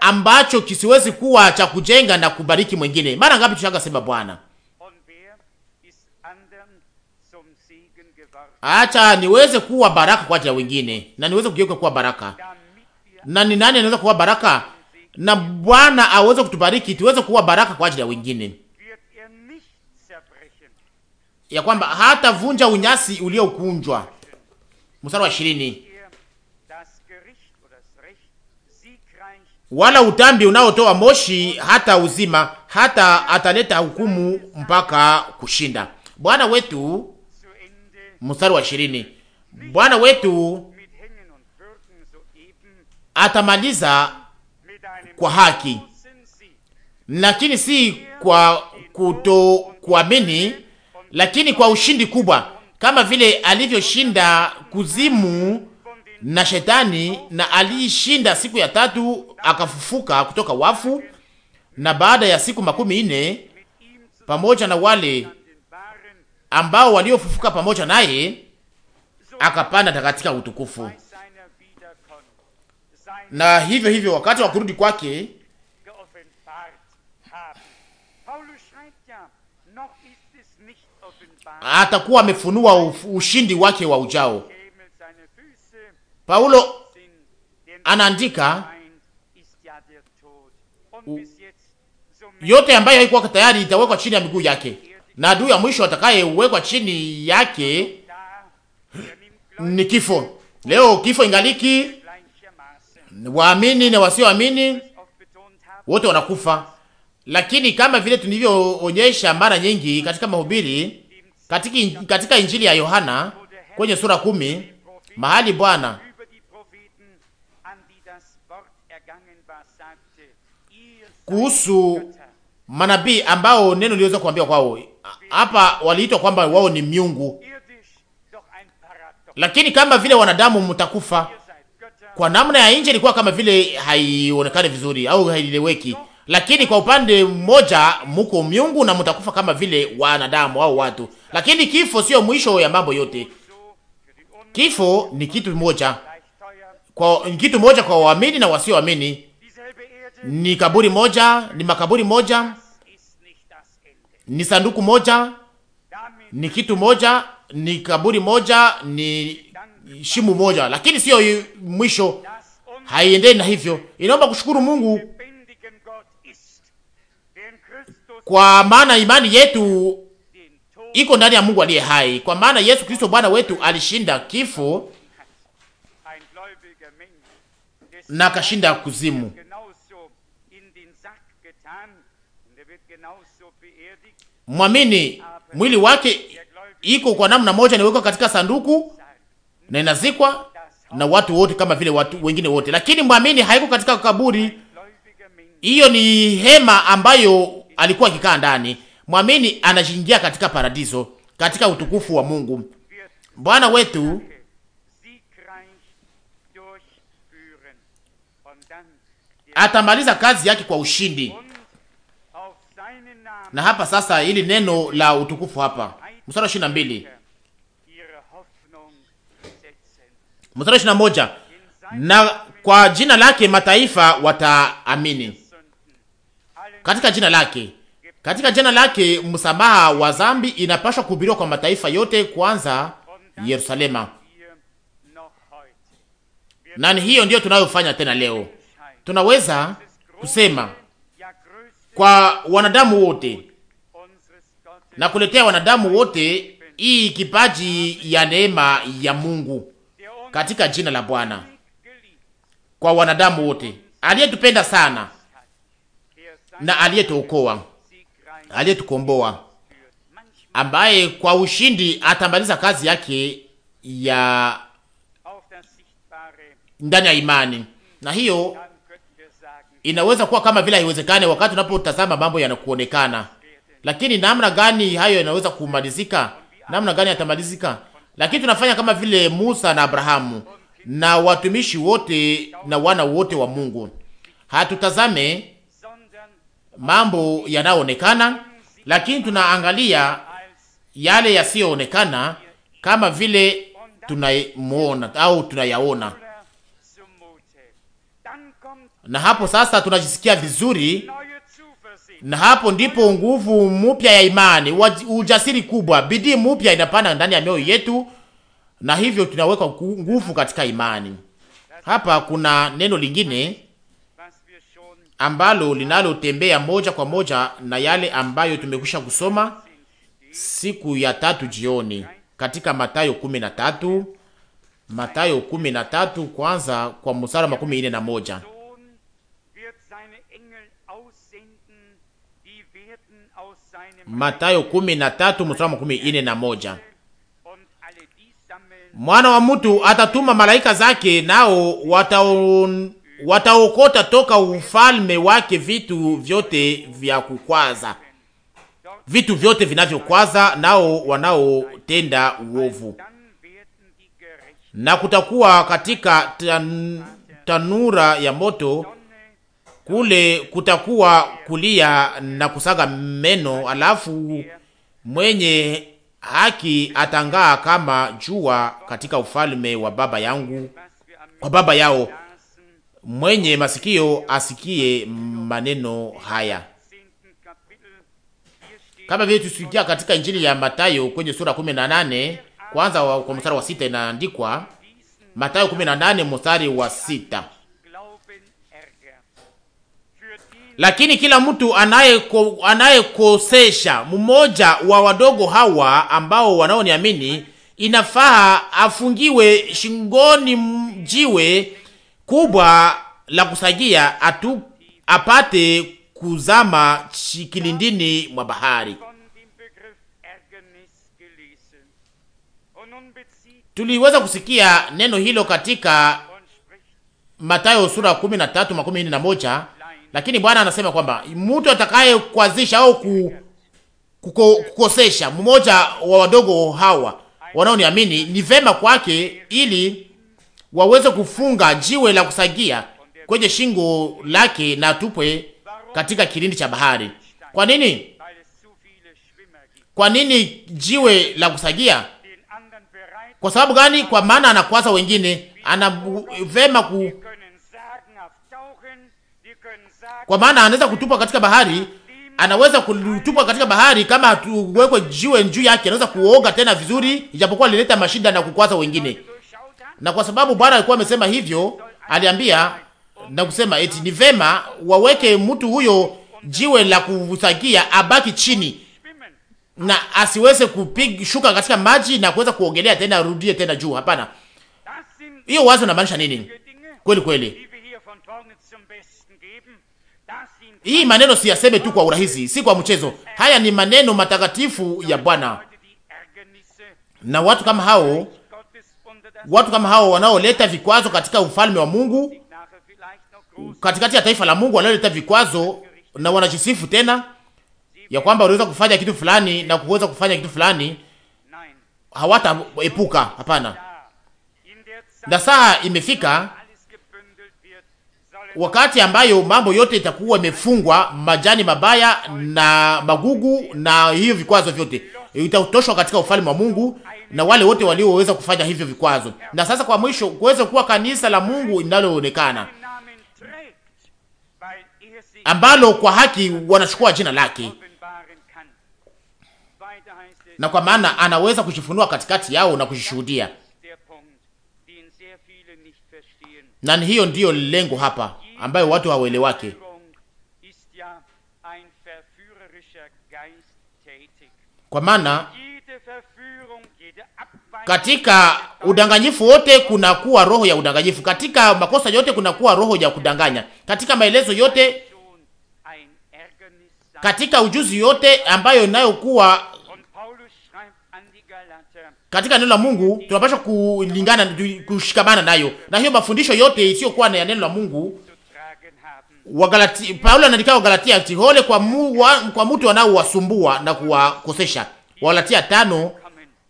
ambacho kisiwezi kuwa cha kujenga na kubariki mwingine. Mara ngapi tushaka sema Bwana, acha niweze kuwa baraka kwa ajili ya wengine na niweze kugeuka kuwa baraka. Na ni nani anaweza kuwa baraka? Na Bwana aweze kutubariki tuweze kuwa baraka kwa ajili ya wengine ya kwamba hatavunja unyasi uliokunjwa. Mstari wa ishirini, wala utambi unaotoa moshi hata uzima, hata ataleta hukumu mpaka kushinda. Bwana wetu, mstari wa ishirini, Bwana wetu atamaliza kwa haki, lakini si kwa kutokuamini lakini kwa ushindi kubwa, kama vile alivyoshinda kuzimu na shetani, na aliishinda siku ya tatu akafufuka kutoka wafu, na baada ya siku makumi nne pamoja na wale ambao waliofufuka pamoja naye akapanda katika utukufu. Na hivyo hivyo wakati wa kurudi kwake atakuwa amefunua ushindi wake wa ujao. Paulo anaandika yote ambayo haikuwa tayari itawekwa chini ya miguu yake, na adui ya mwisho atakayewekwa chini yake ni kifo. Leo kifo ingaliki, waamini na wasioamini wote wanakufa, lakini kama vile tulivyoonyesha mara nyingi katika mahubiri katika, katika Injili ya Yohana kwenye sura kumi mahali Bwana kuhusu manabii ambao neno liweza kuambia kwao hapa waliitwa kwamba wao ni miungu, lakini kama vile wanadamu mtakufa. Kwa namna ya nje ilikuwa kama vile haionekane vizuri au haieleweki, lakini kwa upande mmoja muko miungu na mtakufa kama vile wanadamu au watu, lakini kifo sio mwisho ya mambo yote. Kifo ni kitu moja kwa ni kitu moja kwa waamini na wasioamini, ni kaburi moja, ni makaburi moja, ni sanduku moja, ni kitu moja, ni kaburi moja, ni shimu moja, lakini sio mwisho. Haiendei na hivyo, inaomba kushukuru Mungu kwa maana imani yetu iko ndani ya Mungu aliye hai, kwa maana Yesu Kristo Bwana wetu alishinda kifo na akashinda kuzimu. Mwamini mwili wake iko kwa namna moja inawekwa katika sanduku na inazikwa na watu wote kama vile watu wengine wote, lakini mwamini haiko katika kaburi. Hiyo ni hema ambayo alikuwa akikaa ndani. Mwamini anajiingia katika paradiso, katika utukufu wa Mungu. Bwana wetu atamaliza kazi yake kwa ushindi. Na hapa sasa, ili neno la utukufu hapa, mstari wa 22 mstari wa 21, na kwa jina lake mataifa wataamini katika jina lake, katika jina lake msamaha wa dhambi inapaswa kuhubiriwa kwa mataifa yote, kwanza Yerusalema. Na hiyo ndiyo tunayofanya tena leo. Tunaweza kusema kwa wanadamu wote na kuletea wanadamu wote hii kipaji ya neema ya Mungu katika jina la Bwana kwa wanadamu wote aliyetupenda sana na aliyetuokoa, aliyetukomboa, ambaye kwa ushindi atamaliza kazi yake ya ndani ya imani, na hiyo inaweza kuwa kama vile haiwezekane wakati unapotazama mambo yanakuonekana, lakini namna gani hayo yanaweza kumalizika? Namna gani yatamalizika? Lakini tunafanya kama vile Musa na Abrahamu na watumishi wote na wana wote wa Mungu, hatutazame mambo yanayoonekana, lakini tunaangalia yale yasiyoonekana kama vile tunamuona au tunayaona, na hapo sasa tunajisikia vizuri, na hapo ndipo nguvu mpya ya imani, ujasiri kubwa, bidii mpya inapanda ndani ya mioyo yetu, na hivyo tunaweka nguvu katika imani. Hapa kuna neno lingine ambalo linalotembea moja kwa moja na yale ambayo tumekwisha kusoma siku ya tatu jioni katika matayo 13, na 13 kwanza kwa musara makumi ine na moja. kumi na tatu musara makumi ine na moja. Mwana wa mtu atatuma malaika zake, nao wataon wataokota toka ufalme wake vitu vyote vya kukwaza, vitu vyote vinavyokwaza, nao wanaotenda uovu, na kutakuwa katika tan, tanura ya moto kule kutakuwa kulia na kusaga meno, alafu mwenye haki atangaa kama jua katika ufalme wa baba yangu, kwa baba yao mwenye masikio asikie maneno haya. Kama vile tusikia katika Injili ya Matayo kwenye sura 18 kwanza wa, kwa mstari wa sita inaandikwa Matayo 18 mstari wa sita. Lakini kila mtu anayekosesha mmoja wa wadogo hawa ambao wanaoniamini inafaa afungiwe shingoni jiwe kubwa la kusajia atu, apate kuzama kilindini mwa bahari. Tuliweza kusikia neno hilo katika Mathayo sura 13 makumi nne na moja, lakini Bwana anasema kwamba mtu atakaye kuanzisha au ku, kuko, kukosesha mmoja wa wadogo hawa wanaoniamini ni vema kwake ili waweze kufunga jiwe la kusagia kwenye shingo lake na tupwe katika kilindi cha bahari. Kwa nini? Kwa nini jiwe la kusagia? Kwa sababu gani? Kwa maana anakwaza wengine, ana vema ku kwa maana anaweza kutupwa katika bahari, anaweza kutupwa katika bahari kama tuwekwe jiwe juu yake, anaweza kuoga tena vizuri, ijapokuwa lileta mashida na kukwaza wengine na kwa sababu Bwana alikuwa amesema hivyo, aliambia na kusema eti ni vema waweke mtu huyo jiwe la kuvusagia abaki chini na asiweze kushuka shuka katika maji na kuweza kuogelea tena arudie tena juu. Hapana, hiyo wazo inamaanisha nini kweli kweli? Hii maneno siyaseme tu kwa urahisi, si kwa mchezo. Haya ni maneno matakatifu ya Bwana, na watu kama hao watu kama hao wanaoleta vikwazo katika ufalme wa Mungu, katikati ya taifa la Mungu, wanaoleta vikwazo na wanajisifu tena ya kwamba waliweza kufanya kitu fulani na kuweza kufanya kitu fulani, hawataepuka. Hapana, na saa imefika wakati ambayo mambo yote itakuwa imefungwa, majani mabaya na magugu na hiyo vikwazo vyote itatoshwa katika ufalme wa Mungu na wale wote walioweza kufanya hivyo vikwazo. Na sasa kwa mwisho, kuweza kuwa kanisa la Mungu linaloonekana ambalo kwa haki wanachukua jina lake, na kwa maana anaweza kujifunua katikati yao na kujishuhudia. na hiyo ndiyo lengo hapa ambayo watu hawaelewake. Kwa maana katika udanganyifu wote kunakuwa roho ya udanganyifu, katika makosa yote kunakuwa roho ya kudanganya, katika maelezo yote, katika ujuzi yote ambayo inayokuwa katika neno la Mungu tunapaswa kulingana, kushikamana nayo na hiyo mafundisho yote isiyokuwa na neno la Mungu. Wagalati, Paulo anaandika Wagalatia ati hole kwa mu, wa, kwa mtu anaowasumbua na kuwakosesha. Wagalatia tano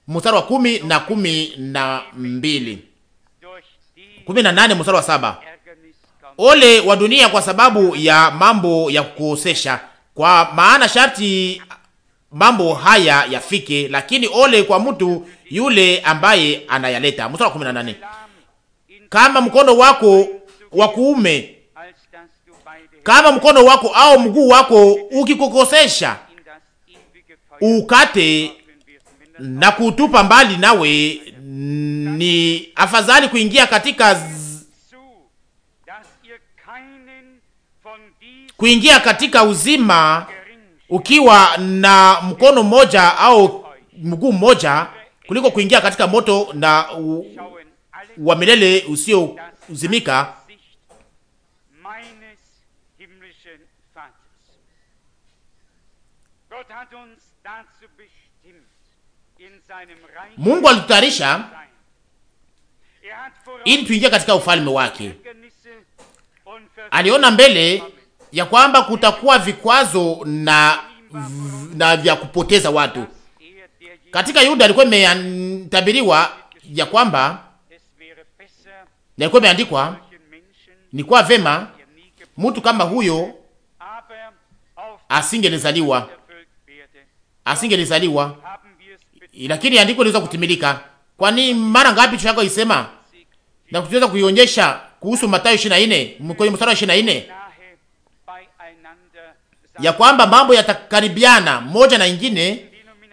mstari wa kumi na kumi na mbili kumi na nane mstari wa saba Ole wa dunia kwa sababu ya mambo ya kukosesha, kwa maana sharti mambo haya yafike, lakini ole kwa mtu yule ambaye anayaleta. Mstari wa 18, kama mkono wako wa kuume, kama mkono wako au mguu wako ukikukosesha, ukate na kutupa mbali nawe, ni afadhali kuingia katika z... kuingia katika uzima ukiwa na mkono mmoja au mguu mmoja kuliko kuingia katika moto na wa milele usiozimika. Mungu alitutayarisha er ili tuingie katika ufalme wake. Aliona mbele ya kwamba kutakuwa vikwazo na, na vya kupoteza watu. Katika Yuda alikuwa imetabiriwa ya kwamba yalikuwa imeandikwa ni kwa vema mtu kama huyo asingelizaliwa, asingelizaliwa, lakini andiko liweza kutimilika. Kwani mara ngapi tunako isema na kutuweza kuionyesha kuhusu Mathayo 24 mkoyo mstari wa 24 ya kwamba mambo yatakaribiana moja na ingine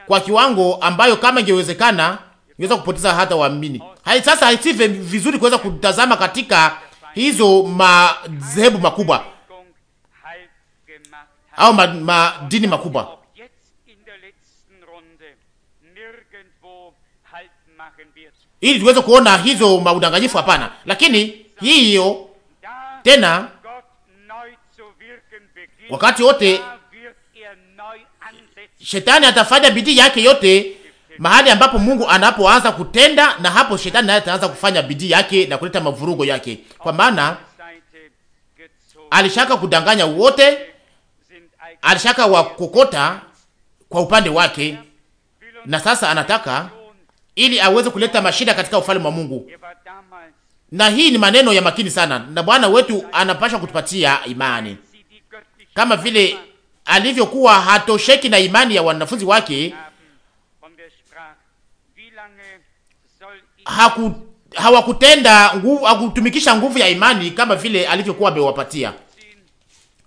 kwa kiwango ambayo kama ingewezekana ingeweza kupoteza hata waamini. Hai sasa haisi vizuri kuweza kutazama katika hizo madhehebu makubwa au madini ma makubwa. Ili tuweze kuona hizo maudanganyifu hapana, lakini hiyo tena Wakati wote shetani atafanya bidii yake yote mahali ambapo Mungu anapoanza kutenda, na hapo shetani naye ataanza kufanya bidii yake na kuleta mavurugo yake, kwa maana alishaka kudanganya wote, alishaka wakokota kwa upande wake, na sasa anataka ili aweze kuleta mashida katika ufalme wa Mungu. Na hii ni maneno ya makini sana, na Bwana wetu anapasha kutupatia imani kama vile alivyokuwa hatosheki na imani ya wanafunzi wake, haku, hawakutenda nguvu, hakutumikisha nguvu ya imani kama vile alivyokuwa amewapatia.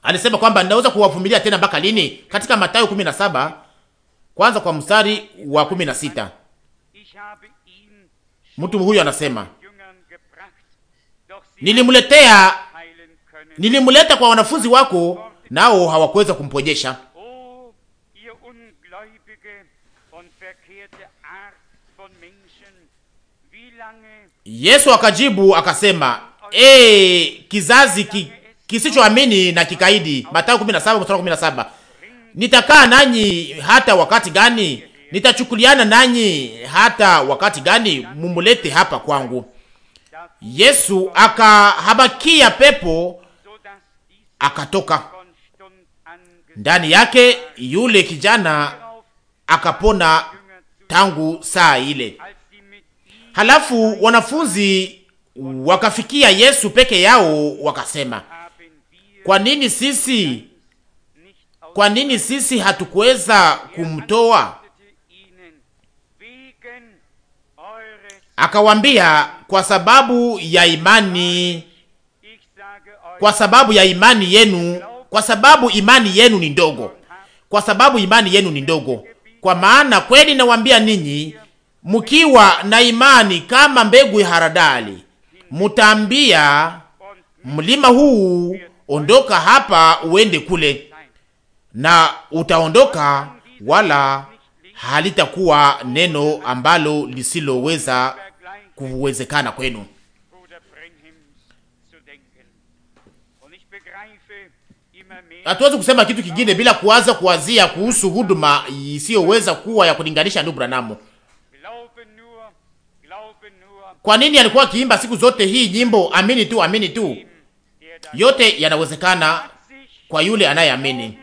Alisema kwamba naweza kuwavumilia tena mpaka lini, katika Mathayo 17 kwanza kwa mstari wa 16. Mtu huyu anasema nilimletea, nilimleta kwa wanafunzi wako nao hawakuweza kumpojesha. Yesu akajibu akasema, e, kizazi ki, kisichoamini na kikaidi. Mathayo 17:17. Nitakaa nanyi hata wakati gani? Nitachukuliana nanyi hata wakati gani? Mumulete hapa kwangu. Yesu akahabakia pepo akatoka ndani yake yule kijana akapona tangu saa ile. Halafu wanafunzi wakafikia Yesu peke yao, wakasema, kwa nini sisi, kwa nini sisi hatukuweza kumtoa? Akawambia, kwa sababu ya imani, kwa sababu ya imani yenu kwa sababu imani yenu ni ndogo, kwa sababu imani yenu ni ndogo. Kwa maana kweli nawaambia ninyi, mkiwa na imani kama mbegu ya haradali, mutaambia mlima huu, ondoka hapa uende kule, na utaondoka, wala halitakuwa neno ambalo lisiloweza kuwezekana kwenu. Hatuwezi kusema kitu kingine bila kuanza kuwazia kuhusu huduma isiyoweza kuwa ya kulinganisha ndugu Branamu. Kwa nini alikuwa akiimba siku zote hii nyimbo, amini tu, amini tu? Yote yanawezekana kwa yule anayeamini.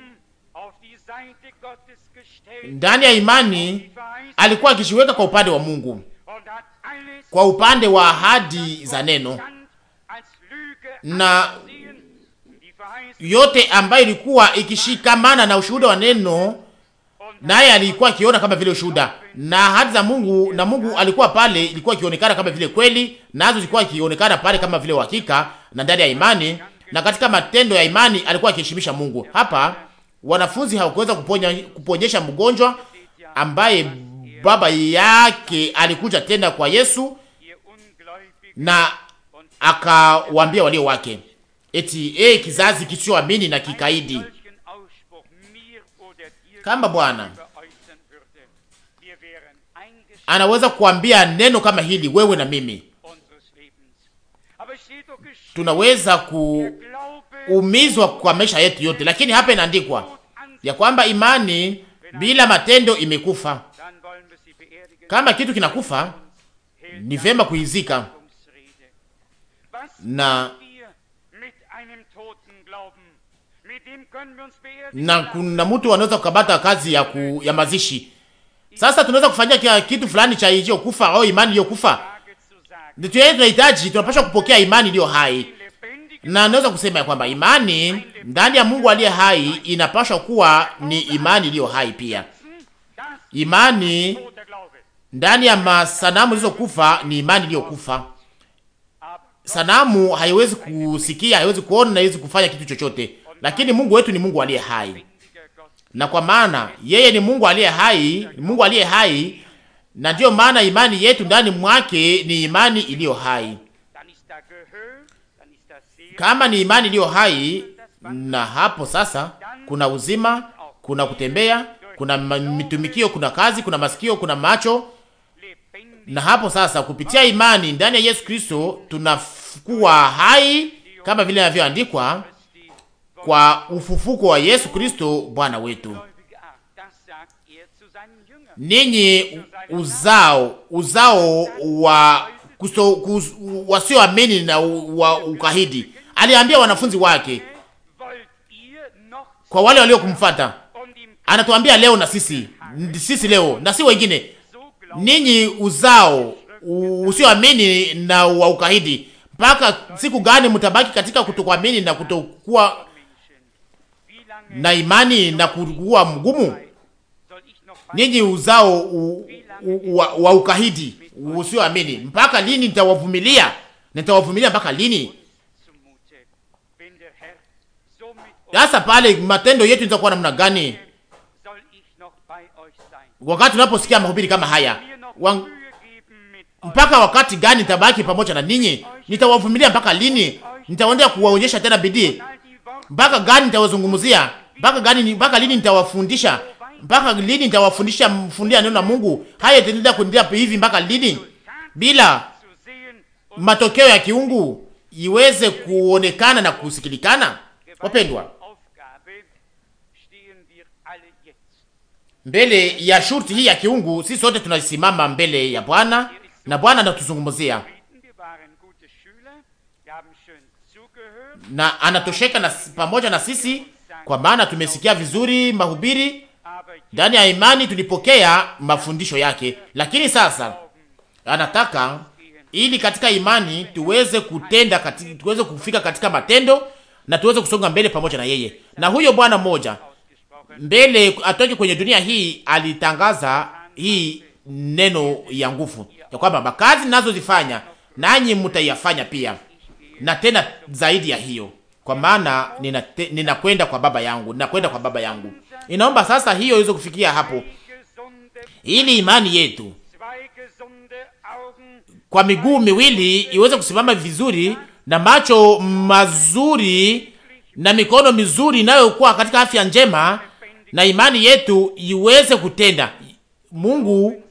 Ndani ya imani alikuwa akishiweka kwa upande wa Mungu, kwa upande wa ahadi za neno na yote ambayo ilikuwa ikishikamana na ushuhuda wa neno, naye alikuwa akiona kama vile ushuhuda, na hadi za Mungu na Mungu alikuwa pale, ilikuwa ikionekana kama vile kweli, nazo zilikuwa ikionekana pale kama vile uhakika na ndani ya imani na katika matendo ya imani alikuwa akiheshimisha Mungu. Hapa wanafunzi hawakuweza kuponya, kuponyesha mgonjwa ambaye baba yake alikuja tena kwa Yesu na akawaambia walio wake eti hey, eh, kizazi kisioamini na kikaidi. Kama Bwana anaweza kuambia neno kama hili, wewe na mimi tunaweza kuumizwa kwa maisha yetu yote, lakini hapa inaandikwa ya kwamba imani bila matendo imekufa. Kama kitu kinakufa, ni vema kuizika na na kuna mtu anaweza kukabata kazi ya, ku, ya mazishi. Sasa tunaweza kufanyia kitu fulani cha hiyo kufa au imani hiyo kufa, ndio yeye tunahitaji, tunapaswa kupokea imani iliyo hai, na naweza kusema kwamba imani ndani ya Mungu aliye hai inapaswa kuwa ni imani iliyo hai pia. Imani ndani ya masanamu zilizokufa ni imani iliyokufa. Sanamu haiwezi kusikia, haiwezi kuona, na haiwezi kufanya kitu chochote lakini Mungu wetu ni Mungu aliye hai, na kwa maana yeye ni Mungu aliye hai, Mungu aliye hai, na ndiyo maana imani yetu ndani mwake ni imani iliyo hai. Kama ni imani iliyo hai, na hapo sasa kuna uzima, kuna kutembea, kuna mitumikio, kuna kazi, kuna masikio, kuna macho. Na hapo sasa, kupitia imani ndani ya Yesu Kristo tunakuwa hai kama vile inavyoandikwa kwa ufufuko wa Yesu Kristo Bwana wetu. Ninyi uzao uzao wa wasioamini na wa ukahidi, aliambia wanafunzi wake, kwa wale waliokumfata anatuambia leo na sisi sisi leo na si wengine, ninyi uzao usioamini na wa ukahidi, mpaka siku gani mtabaki katika kutokuamini na kutokuwa na imani na kuwa mgumu? Ninyi uzao wa, wa ukahidi usioamini, mpaka lini nitawavumilia? Nitawavumilia mpaka lini? Sasa pale matendo yetu inaweza kuwa namna gani? Wakati unaposikia mahubiri kama haya Wang... mpaka wakati gani nitabaki pamoja na ninyi? Nitawavumilia mpaka lini? Nitaendelea kuwaonyesha tena bidii mpaka gani nitawazungumzia? Mpaka gani? Mpaka lini nitawafundisha? Mpaka lini nitawafundisha mfundia neno la Mungu? Haya itaendelea kuendelea hivi mpaka lini? Bila matokeo ya kiungu iweze kuonekana na kusikilikana. Wapendwa, mbele ya shurti hii ya kiungu, sisi sote tunasimama mbele ya Bwana na Bwana anatuzungumzia na anatosheka na pamoja na sisi, kwa maana tumesikia vizuri mahubiri ndani ya imani, tulipokea mafundisho yake, lakini sasa anataka ili katika imani tuweze kutenda katika, tuweze kufika katika matendo na tuweze kusonga mbele pamoja na yeye. Na huyo bwana mmoja mbele atoke kwenye dunia hii alitangaza hii neno ya nguvu ya kwamba makazi nazozifanya nanyi mtayafanya pia na tena zaidi ya hiyo, kwa maana ninakwenda nina kwa baba yangu, ninakwenda kwa baba yangu. Inaomba sasa hiyo iweze kufikia hapo, ili imani yetu kwa miguu miwili iweze kusimama vizuri na macho mazuri na mikono mizuri inayokuwa katika afya njema, na imani yetu iweze kutenda. Mungu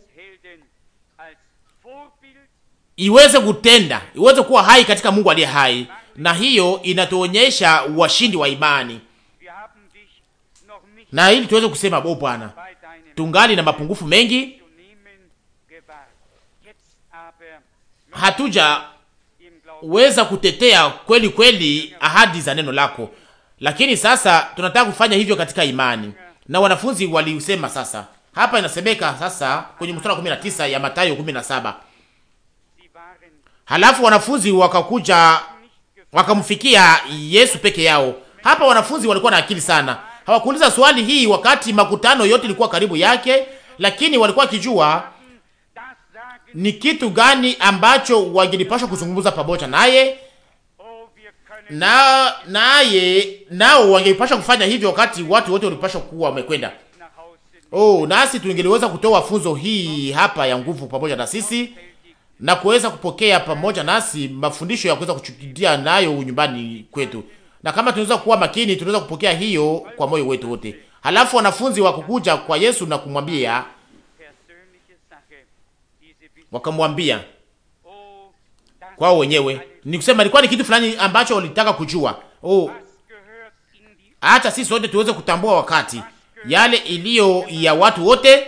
iweze kutenda, iweze kuwa hai katika Mungu aliye hai, na hiyo inatuonyesha washindi wa imani, na ili tuweze kusema o oh, Bwana, tungali na mapungufu mengi, hatujaweza kutetea kweli kweli ahadi za neno lako, lakini sasa tunataka kufanya hivyo katika imani. Na wanafunzi waliusema sasa hapa, inasemeka sasa kwenye mstari wa 19 ya Mathayo 17 Halafu wanafunzi wakakuja wakamfikia Yesu peke yao. Hapa wanafunzi walikuwa na akili sana, hawakuuliza swali hii wakati makutano yote ilikuwa karibu yake, lakini walikuwa wakijua ni kitu gani ambacho wangelipashwa kuzungumza pamoja naye na naye nao wangepasha kufanya hivyo wakati watu wote walipasha kuwa wamekwenda. Oh, nasi tungeliweza kutoa funzo hii hapa ya nguvu pamoja na sisi na kuweza kupokea pamoja nasi mafundisho ya kuweza kuchukilia nayo nyumbani kwetu, na kama tunaweza kuwa makini, tunaweza kupokea hiyo kwa moyo wetu wote. Halafu wanafunzi wakukuja kwa Yesu na kumwambia, wakamwambia kwao wenyewe, ni kusema ilikuwa ni kitu fulani ambacho walitaka kujua. Oh, hata sisi wote tuweze kutambua wakati yale iliyo ya watu wote,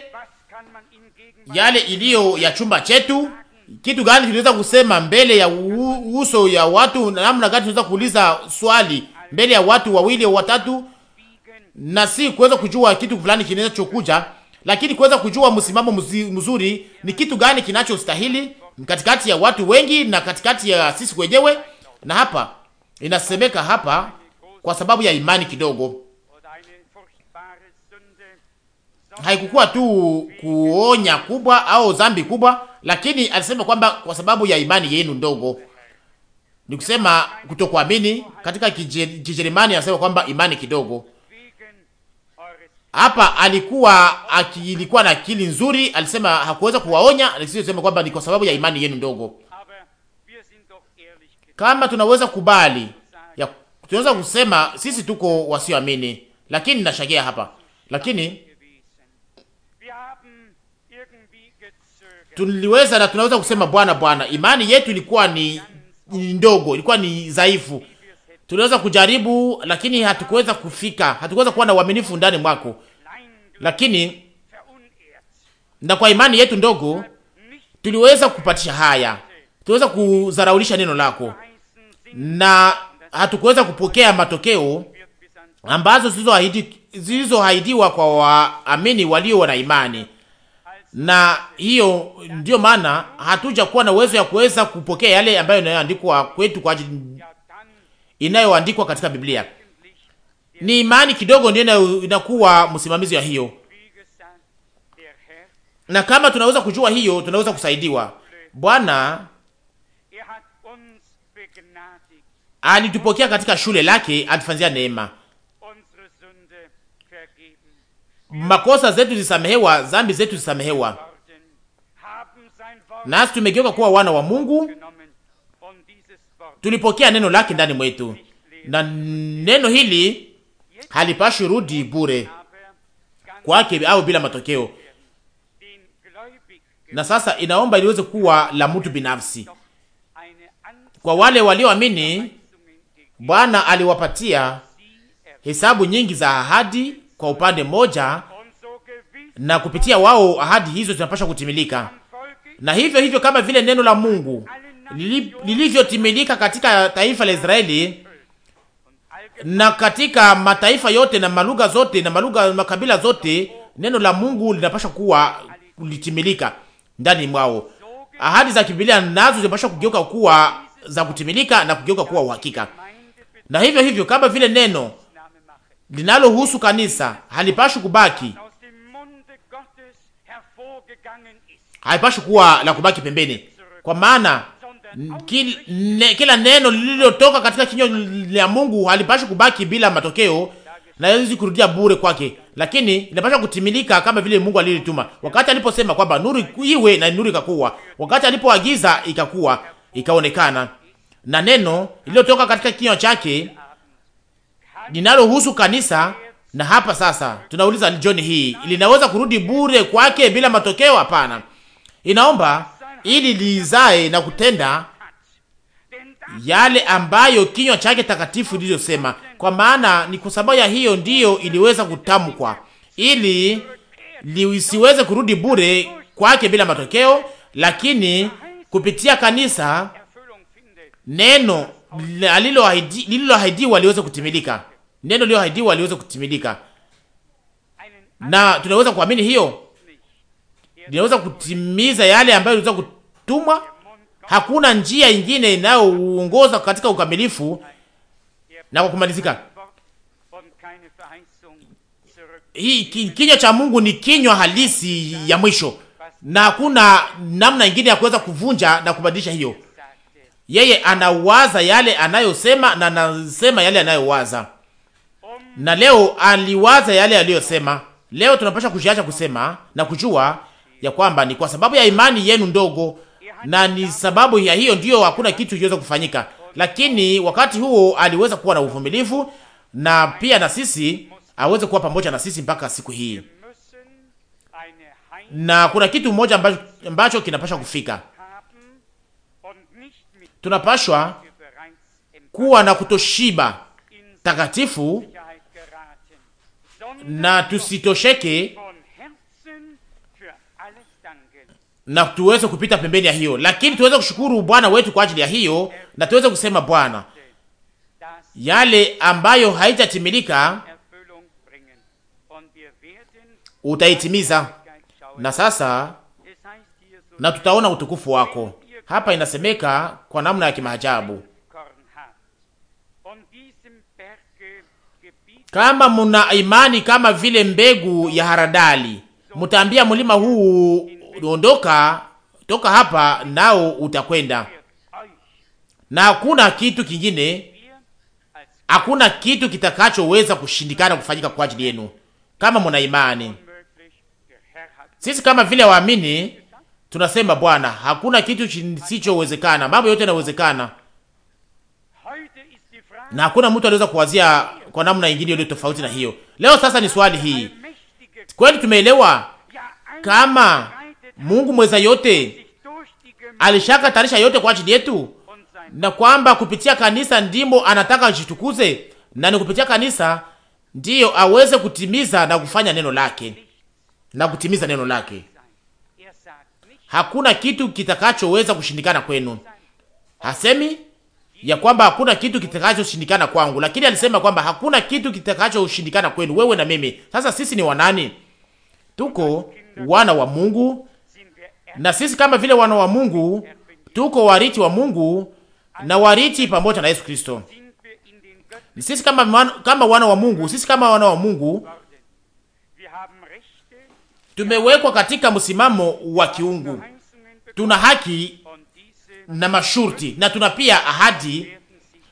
yale iliyo ya chumba chetu kitu gani tunaweza kusema mbele ya uso ya watu, na namna gani tunaweza kuuliza swali mbele ya watu wawili au watatu, na si kuweza kujua kitu fulani kinachokuja, lakini kuweza kujua msimamo mzuri ni kitu gani kinachostahili katikati ya watu wengi na katikati ya sisi wenyewe. Na hapa inasemeka hapa kwa sababu ya imani kidogo haikukuwa tu kuonya kubwa au dhambi kubwa, lakini alisema kwamba kwa sababu ya imani yenu ndogo, ni kusema kutokuamini. Katika Kijerumani anasema kwamba imani kidogo. Hapa alikuwa akilikuwa na akili nzuri, alisema hakuweza kuwaonya, alisema kwamba ni kwa sababu ya imani yenu ndogo. Kama tunaweza kubali ya tunaweza kusema sisi tuko wasioamini, lakini nashakia hapa, lakini tuliweza na tunaweza kusema Bwana, Bwana. Imani yetu ilikuwa ni ndogo, ilikuwa ni dhaifu. Tuliweza kujaribu, lakini hatukuweza kufika, hatukuweza kuwa na uaminifu ndani mwako. Lakini na kwa imani yetu ndogo tuliweza kupatisha haya, tuliweza kuzaraulisha neno lako, na hatukuweza kupokea matokeo ambazo zilizoahidiwa kwa waamini walio na imani na hiyo ndiyo maana hatuja kuwa na uwezo ya kuweza kupokea yale ambayo inayoandikwa kwetu kwa ajili inayoandikwa katika Biblia. Ni imani kidogo ndio inakuwa msimamizi wa hiyo, na kama tunaweza kujua hiyo, tunaweza kusaidiwa. Bwana alitupokea katika shule lake, alitufanyia neema makosa zetu zisamehewa, zambi zetu zisamehewa, nasi tumegeuka kuwa wana wa Mungu. Tulipokea neno lake ndani mwetu, na neno hili halipashi rudi bure kwake au bila matokeo. Na sasa inaomba iliweze kuwa la mtu binafsi. Kwa wale walioamini, Bwana aliwapatia hesabu nyingi za ahadi kwa upande mmoja, na kupitia wao ahadi hizo zinapaswa kutimilika. Na hivyo hivyo kama vile neno la Mungu lilivyotimilika katika taifa la Israeli na katika mataifa yote na malugha zote na malugha makabila zote, neno la Mungu linapaswa kuwa litimilika ndani mwao. Ahadi za Biblia nazo zinapaswa kugeuka kuwa za kutimilika na kugeuka kuwa uhakika. Na hivyo hivyo kama vile neno linalohusu kanisa halipashi kubaki, halipashi kuwa la kubaki pembeni, kwa maana kil, ne, kila neno lililotoka katika kinywa cha Mungu halipashi kubaki bila matokeo na hawezi kurudia bure kwake, lakini inapaswa kutimilika kama vile Mungu alilituma. Wakati aliposema kwamba nuru iwe, na nuru ikakuwa. Wakati alipoagiza ikakuwa, ikaonekana, na neno lililotoka katika kinywa chake linalohusu kanisa. Na hapa sasa tunauliza, John, hii linaweza kurudi bure kwake bila matokeo? Hapana, inaomba ili lizae na kutenda yale ambayo kinywa chake takatifu iliyosema, kwa maana ni kwa sababu ya hiyo ndiyo iliweza kutamkwa, ili lisiweze kurudi bure kwake bila matokeo, lakini kupitia kanisa neno lililoahidiwa liweze kutimilika neno lililoahidiwa liweze kutimilika, na tunaweza kuamini hiyo, linaweza kutimiza yale ambayo liweza kutumwa. Hakuna njia ingine inayoongoza katika ukamilifu na kwa kumalizika hii kinywa cha Mungu ni kinywa halisi ya mwisho, na hakuna namna ingine ya kuweza kuvunja na kubadilisha hiyo. Yeye anawaza yale anayosema na anasema yale anayowaza na leo aliwaza yale aliyosema. Leo tunapasha kujiacha kusema na kujua ya kwamba ni kwa sababu ya imani yenu ndogo, na ni sababu ya hiyo ndiyo hakuna kitu kiweza kufanyika. Lakini wakati huo aliweza kuwa na uvumilivu, na pia na sisi aweze kuwa pamoja na sisi mpaka siku hii. Na kuna kitu moja ambacho, ambacho kinapasha kufika, tunapashwa kuwa na kutoshiba takatifu na tusitosheke na tuweze kupita pembeni ya hiyo, lakini tuweze kushukuru Bwana wetu kwa ajili ya hiyo, na tuweze kusema Bwana, yale ambayo haitatimilika utaitimiza, na sasa na tutaona utukufu wako. Hapa inasemeka kwa namna ya kimaajabu Kama muna imani kama vile mbegu ya haradali, mutaambia mulima huu ondoka, toka hapa, nao utakwenda. Na hakuna kitu kingine, hakuna kitu kitakachoweza kushindikana kufanyika kwa ajili yenu kama muna imani. Sisi kama vile waamini tunasema Bwana, hakuna kitu kisichowezekana, mambo yote yanawezekana, na hakuna mtu aliweza kuwazia kwa namna ingine iliyo tofauti na hiyo. Leo sasa ni swali hii, kweli tumeelewa kama Mungu mweza yote alishaka tarisha yote kwa ajili yetu, na kwamba kupitia kanisa ndimo anataka ajitukuze, na ni kupitia kanisa ndiyo aweze kutimiza na kufanya neno lake na kutimiza neno lake. Hakuna kitu kitakachoweza kushindikana kwenu, hasemi ya kwamba hakuna kitu kitakachoshindikana kwangu, lakini alisema kwamba hakuna kitu kitakachoshindikana kwenu wewe na mimi. Sasa sisi ni wanani? Tuko wana wa Mungu, na sisi kama vile wana wa Mungu tuko warithi wa Mungu na wariti pamoja na Yesu Kristo. Sisi kama wana, kama wana wa Mungu, sisi kama wana wa Mungu tumewekwa katika msimamo wa kiungu. Tuna haki na masharti, na tuna pia ahadi,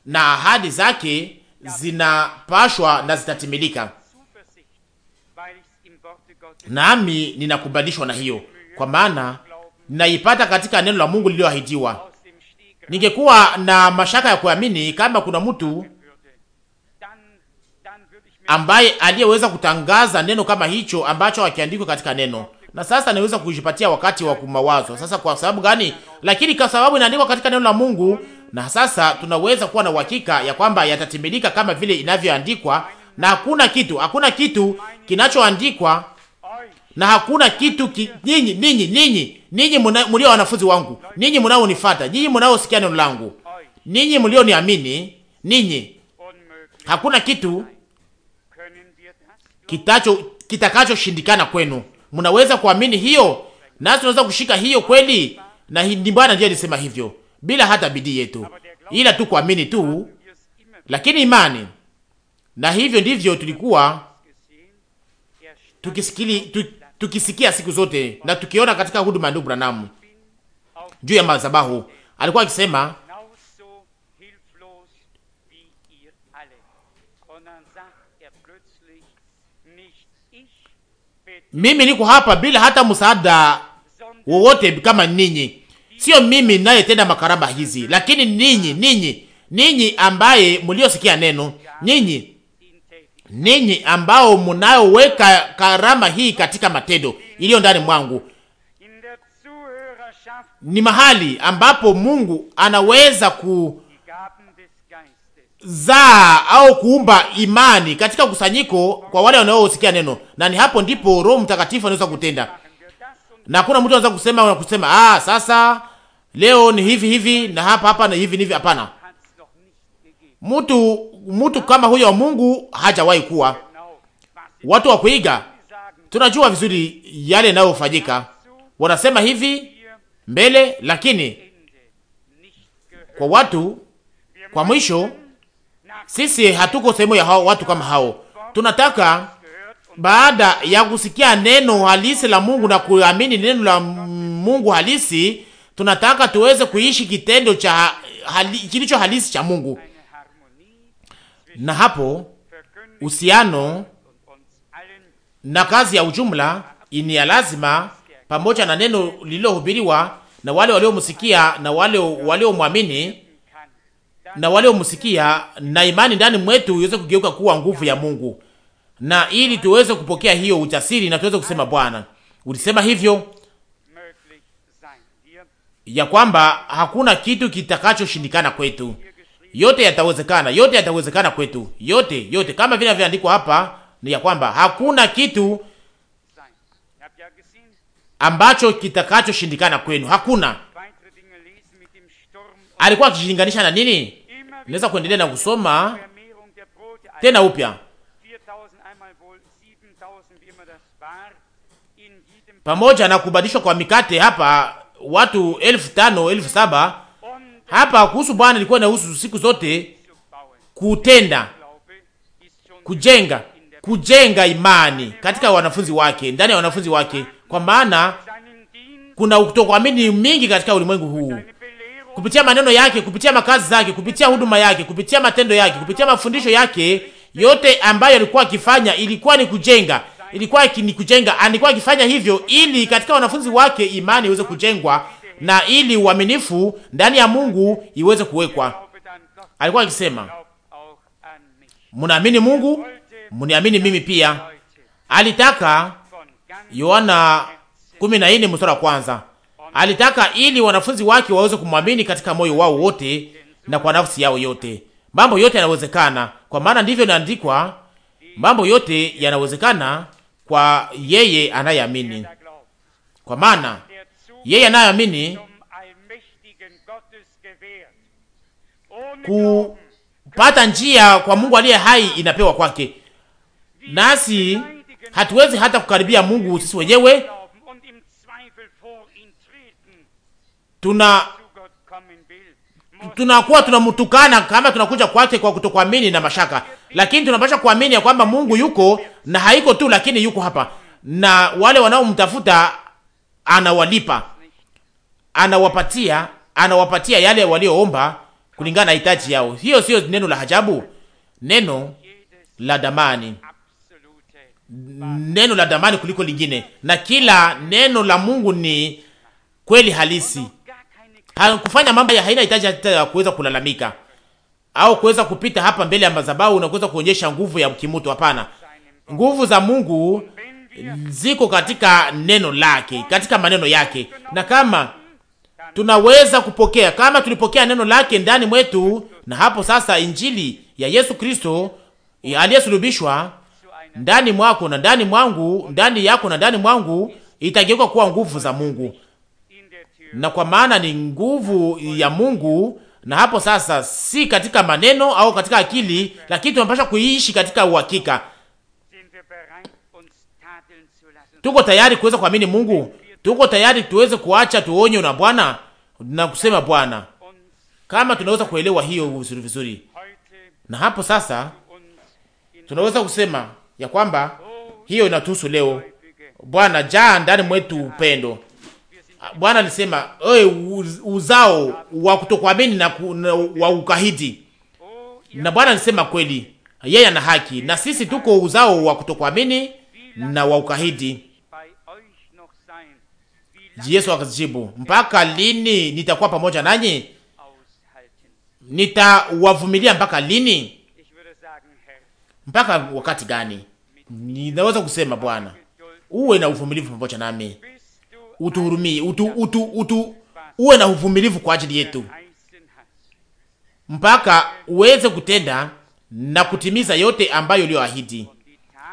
na ahadi zake zinapashwa na zitatimilika. Nami ninakubalishwa na hiyo, kwa maana ninaipata katika neno la Mungu lililoahidiwa. Ningekuwa na mashaka ya kuamini kama kuna mtu ambaye aliyeweza kutangaza neno kama hicho ambacho hakiandikwa katika neno na sasa naweza kujipatia wakati wa kumawazo. Sasa kwa sababu gani? Lakini kwa sababu inaandikwa katika neno la Mungu, na sasa tunaweza kuwa na uhakika ya kwamba yatatimilika kama vile inavyoandikwa, na hakuna kitu, hakuna kitu kinachoandikwa na hakuna kitu ki, ninyi ninyi ninyi ninyi mlio wanafunzi wangu, ninyi mnaonifuata, ninyi mnaosikia neno langu, ninyi niamini, ninyi, hakuna kitu kitacho kitakachoshindikana kwenu. Mnaweza kuamini hiyo, nasi tunaweza kushika hiyo kweli, na ni Bwana ndiye alisema hivyo, bila hata bidii yetu, ila tu kuamini tu, lakini imani. Na hivyo ndivyo tulikuwa tukisikili, tu, tukisikia siku zote na tukiona katika huduma ya ndugu Branham juu ya madhabahu, alikuwa akisema mimi niko hapa bila hata msaada wowote kama ninyi. Sio mimi nayetenda makarama hizi, lakini ninyi, ninyi, ninyi ambaye mliosikia neno, ninyi, ninyi ambao mnayoweka karama hii katika matendo iliyo ndani mwangu ni mahali ambapo Mungu anaweza ku kuzaa au kuumba imani katika kusanyiko kwa wale wanaosikia neno, na ni hapo ndipo Roho Mtakatifu anaweza kutenda, na kuna mtu anaweza kusema na kusema ah, sasa leo ni hivi hivi na hapa hapa na hivi hivi. Hapana, mtu mtu kama huyo wa Mungu hajawahi kuwa. Watu wa kuiga tunajua vizuri yale yanayofanyika, wanasema hivi mbele, lakini kwa watu kwa mwisho sisi hatuko sehemu ya hao watu kama hao. Tunataka baada ya kusikia neno halisi la Mungu na kuamini neno la Mungu halisi, tunataka tuweze kuishi kitendo cha hali, kilicho halisi cha Mungu, na hapo uhusiano na kazi ya ujumla ni ya lazima, pamoja na neno lililohubiriwa na wale waliomsikia na wale waliomwamini na wale wamsikia, na imani ndani mwetu iweze kugeuka kuwa nguvu ya Mungu, na ili tuweze kupokea hiyo ujasiri na tuweze kusema Bwana, ulisema hivyo ya kwamba hakuna kitu kitakachoshindikana kwetu, yote yatawezekana, yote yatawezekana kwetu, yote yote, kama vile vinavyoandikwa hapa, ni ya kwamba hakuna kitu ambacho kitakachoshindikana kwenu, hakuna. Alikuwa akijilinganisha na nini? Naweza kuendelea na kusoma tena upya pamoja na kubadilishwa kwa mikate hapa watu elfu tano elfu saba hapa kuhusu Bwana ilikuwa inahusu siku zote kutenda, kujenga, kujenga imani katika wanafunzi wake, ndani ya wanafunzi wake, kwa maana kuna kutokuamini mingi katika ulimwengu huu, kupitia maneno yake, kupitia makazi zake, kupitia huduma yake, kupitia matendo yake, kupitia mafundisho yake, yote ambayo alikuwa akifanya ilikuwa ni kujenga, ilikuwa ni kujenga. Alikuwa akifanya hivyo ili katika wanafunzi wake imani iweze kujengwa na ili uaminifu ndani ya Mungu iweze kuwekwa. Alikuwa akisema, mnaamini Mungu, mniamini mimi pia. Alitaka Yohana 14 mstari wa kwanza Alitaka ili wanafunzi wake waweze kumwamini katika moyo wao wote na kwa nafsi yao yote. Mambo yote yanawezekana, kwa maana ndivyo inaandikwa, mambo yote yanawezekana kwa yeye anayeamini. Kwa maana yeye anayeamini kupata njia kwa Mungu aliye hai inapewa kwake, nasi hatuwezi hata kukaribia Mungu sisi wenyewe tuna tunakuwa tunamtukana kama tunakuja kwake kwa kutokuamini na mashaka, lakini tunapasha kuamini ya kwamba Mungu yuko na haiko tu, lakini yuko hapa, na wale wanaomtafuta anawalipa, anawapatia, anawapatia yale walioomba kulingana na hitaji yao. Hiyo sio neno la hajabu, neno la damani, neno la damani kuliko lingine, na kila neno la Mungu ni kweli halisi Kufanya mambo ya haina hitaji hata ya kuweza kulalamika au kuweza kupita hapa mbele ya madhabahu na kuweza kuonyesha nguvu ya kimutu. Hapana, nguvu za Mungu ziko katika neno lake, katika maneno yake, na kama tunaweza kupokea, kama tulipokea neno lake ndani mwetu, na hapo sasa injili ya Yesu Kristo aliyesulubishwa ndani mwako na ndani mwangu, ndani yako na ndani mwangu, itageuka kuwa nguvu za Mungu na kwa maana ni nguvu ya Mungu, na hapo sasa si katika maneno au katika akili, lakini tunapasha kuishi katika uhakika. Tuko tayari kuweza kuamini Mungu, tuko tayari tuweze kuacha tuonywe na Bwana na kusema Bwana, kama tunaweza kuelewa hiyo vizuri vizuri, na hapo sasa tunaweza kusema ya kwamba hiyo inatuhusu leo. Bwana, jaa ndani mwetu upendo Bwana alisema oye, uzao wa kutokuamini na, na wa ukahidi. Na Bwana alisema kweli, yeye ana haki, na sisi tuko uzao wa kutokuamini na wa ukahidi. Yesu akajibu, mpaka lini nitakuwa pamoja nanyi? Nitawavumilia mpaka lini? Mpaka wakati gani? Ninaweza kusema Bwana, uwe na uvumilivu pamoja nami utuhurumie, utu, utu, utu, uwe na uvumilivu kwa ajili yetu mpaka uweze kutenda na kutimiza yote ambayo uliyoahidi,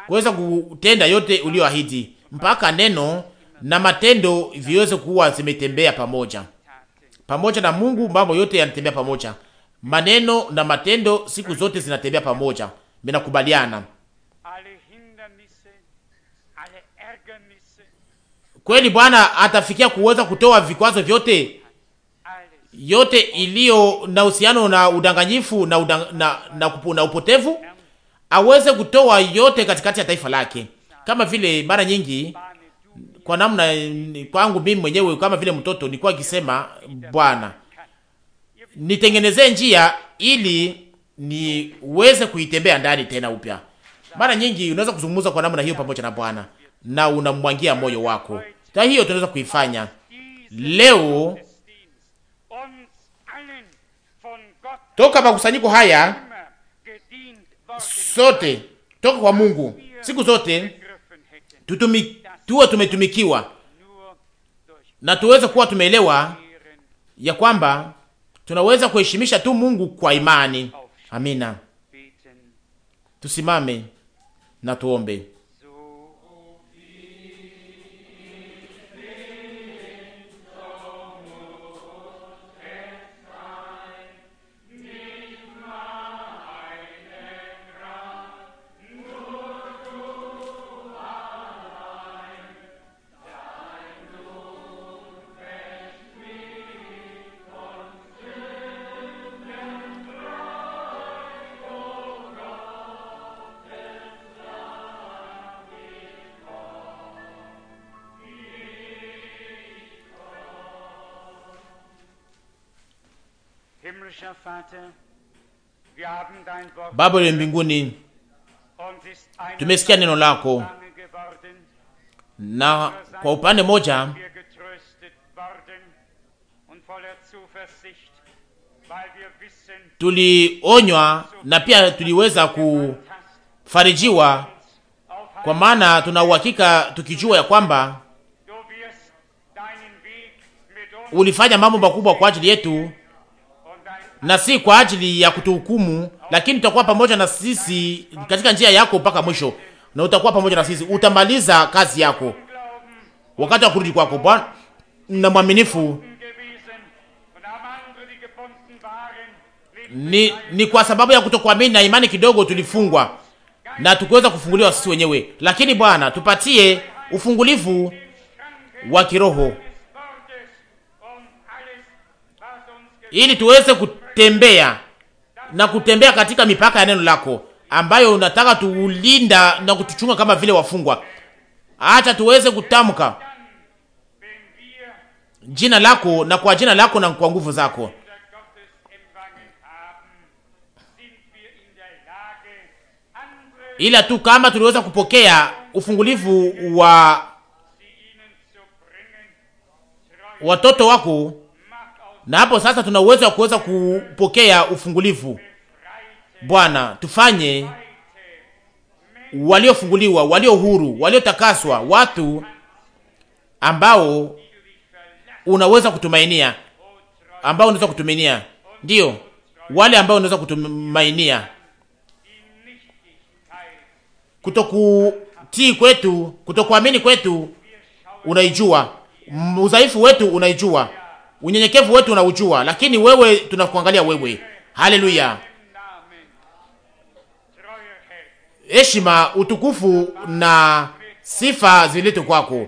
kuweza kutenda yote uliyoahidi, mpaka neno na matendo viweze kuwa zimetembea pamoja. Pamoja na Mungu mambo yote yanatembea pamoja, maneno na matendo siku zote zinatembea pamoja, vinakubaliana Kweli Bwana atafikia kuweza kutoa vikwazo vyote yote iliyo na uhusiano na udanganyifu na, udang, na, na, na, na upotevu, aweze kutoa yote katikati ya taifa lake, kama vile mara nyingi kwa namna kwangu mimi mwenyewe kama vile mtoto nilikuwa nikisema, Bwana nitengenezee njia ili niweze kuitembea ndani tena upya. Mara nyingi unaweza kuzungumza kwa namna hiyo pamoja na Bwana na unamwangia moyo wako na hiyo tunaweza kuifanya leo toka makusanyiko haya sote, toka kwa Mungu siku zote tutumi, tuwe tumetumikiwa na tuweze kuwa tumeelewa ya kwamba tunaweza kuheshimisha tu Mungu kwa imani. Amina, tusimame na tuombe. Baba uliye mbinguni, tumesikia neno lako, na kwa upande moja tulionywa na pia tuliweza kufarijiwa, kwa maana tuna uhakika tukijua ya kwamba ulifanya mambo makubwa kwa ajili yetu na si kwa ajili ya kutuhukumu, lakini utakuwa pamoja na sisi katika njia yako mpaka mwisho, na utakuwa pamoja na sisi, utamaliza kazi yako wakati wa kurudi kwako. Bwana na mwaminifu ni, ni kwa sababu ya kutokuamini na imani kidogo tulifungwa na tukiweza kufunguliwa sisi wenyewe, lakini Bwana tupatie ufungulivu wa kiroho ili tuweze tembea na kutembea katika mipaka ya neno lako ambayo unataka tuulinda na kutuchunga kama vile wafungwa. Acha tuweze kutamka jina lako na kwa jina lako na kwa nguvu zako. Ila tu kama tuliweza kupokea ufungulivu wa watoto wako na hapo sasa tuna uwezo wa kuweza kupokea ufungulivu. Bwana, tufanye waliofunguliwa, walio huru, waliotakaswa, watu ambao unaweza kutumainia, ambao unaweza kutumainia, ndiyo wale ambao unaweza kutumainia. Kutokutii kwetu, kutokuamini kwetu unaijua, udhaifu wetu unaijua unyenyekevu wetu unaujua, lakini wewe tunakuangalia wewe. Haleluya! Heshima, utukufu na sifa zilete kwako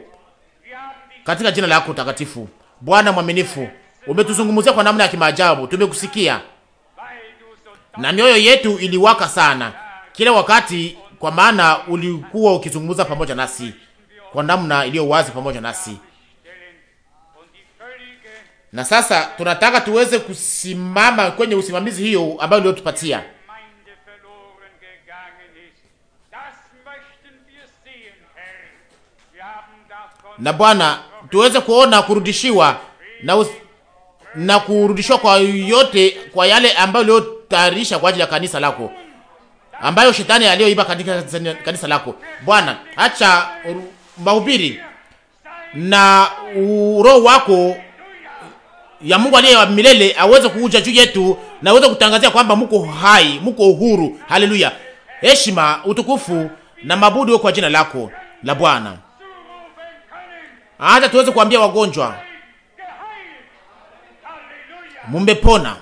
katika jina lako takatifu. Bwana mwaminifu, umetuzungumzia kwa namna ya kimaajabu, tumekusikia na mioyo yetu iliwaka sana kila wakati, kwa maana ulikuwa ukizungumza pamoja nasi kwa namna iliyo wazi pamoja nasi na sasa tunataka tuweze kusimama kwenye usimamizi hiyo ambayo iliyotupatia. Na Bwana tuweze kuona kurudishiwa na us na kurudishwa kwa yote kwa yale ambayo uliyotayarisha kwa ajili ya kanisa lako ambayo shetani aliyoiba katika kanisa lako. Bwana, acha mahubiri na uroho wako ya Mungu aliye wa milele aweze kuja juu yetu na aweze kutangazia kwamba mko hai, mko uhuru. Haleluya! Heshima, utukufu na mabudu kwa jina lako la Bwana. Hata tuweze kuambia wagonjwa mumepona.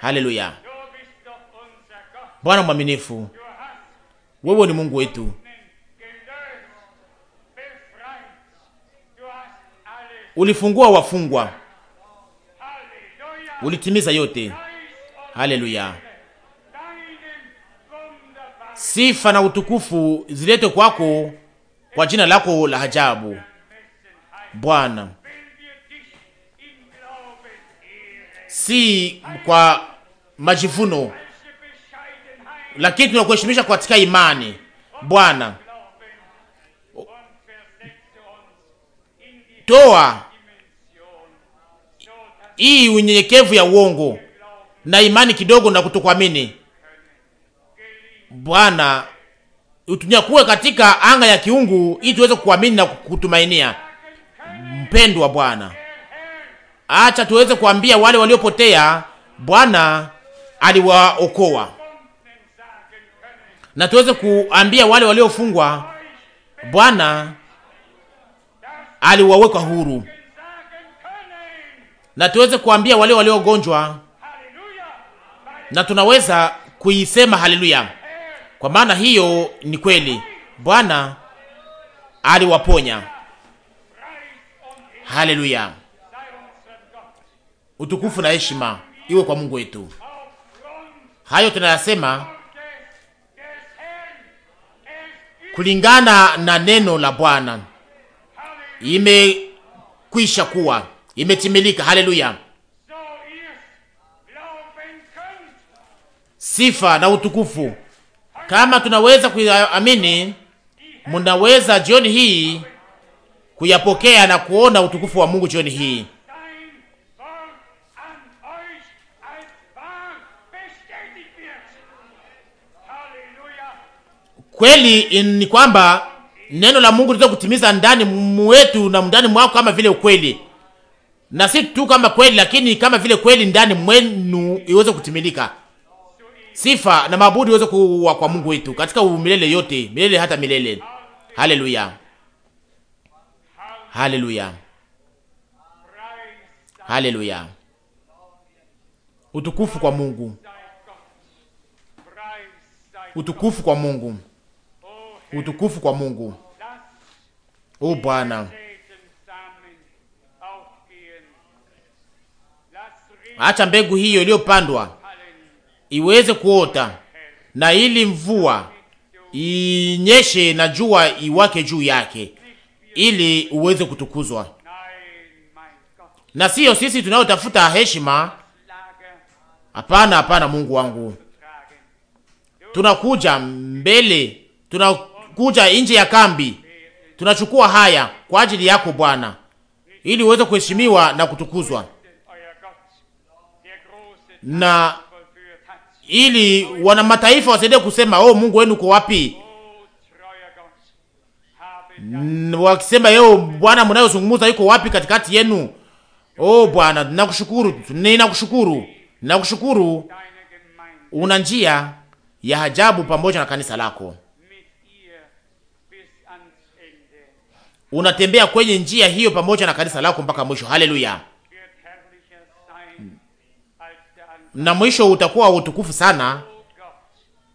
Haleluya! Bwana mwaminifu, wewe ni Mungu wetu, ulifungua wafungwa ulitimiza yote. Haleluya, sifa na utukufu ziletwe kwako kwa jina lako la ajabu Bwana, si kwa majivuno, lakini tunakuheshimisha katika imani Bwana. Toa hii unyenyekevu ya uongo na imani kidogo na kutokuamini. Bwana utunyakuwe katika anga ya kiungu ili tuweze kuamini na kutumainia. Mpendwa Bwana, acha tuweze kuambia wale waliopotea, Bwana aliwaokoa, na tuweze kuambia wale waliofungwa, Bwana aliwaweka huru na tuweze kuambia wale waliogonjwa, na tunaweza kuisema haleluya, kwa maana hiyo ni kweli, Bwana aliwaponya. Haleluya, utukufu na heshima iwe kwa Mungu wetu. Hayo tunayasema kulingana na neno la Bwana imekwisha kuwa imetimilika. Haleluya, sifa na utukufu. Kama tunaweza kuyaamini, munaweza jioni hii kuyapokea na kuona utukufu wa Mungu jioni hii. Kweli ni kwamba neno la Mungu liweza kutimiza ndani mwetu na ndani mwako kama vile ukweli na si tu kama kweli, lakini kama vile kweli ndani mwenu iweze kutimilika. Sifa na mabudu iweze kuwa kwa Mungu wetu katika milele yote, milele hata milele. Haleluya, haleluya, haleluya! Utukufu kwa Mungu, utukufu kwa Mungu, utukufu kwa Mungu. O oh, Bwana. acha mbegu hiyo iliyopandwa iweze kuota na ili mvua inyeshe na jua iwake juu yake ili uweze kutukuzwa, na sio sisi tunayotafuta heshima. Hapana, hapana, Mungu wangu, tunakuja mbele, tunakuja nje ya kambi, tunachukua haya kwa ajili yako Bwana, ili uweze kuheshimiwa na kutukuzwa na ili wana mataifa wasaidie kusema oh, Mungu wenu uko wapi? Wakisema yeo, Bwana mnayozungumza yuko wapi katikati yenu? Oh Bwana, nakushukuru, ninakushukuru, nakushukuru. Una njia ya ajabu pamoja na kanisa lako, unatembea kwenye njia hiyo pamoja na kanisa lako mpaka mwisho. Haleluya! na mwisho utakuwa utukufu sana,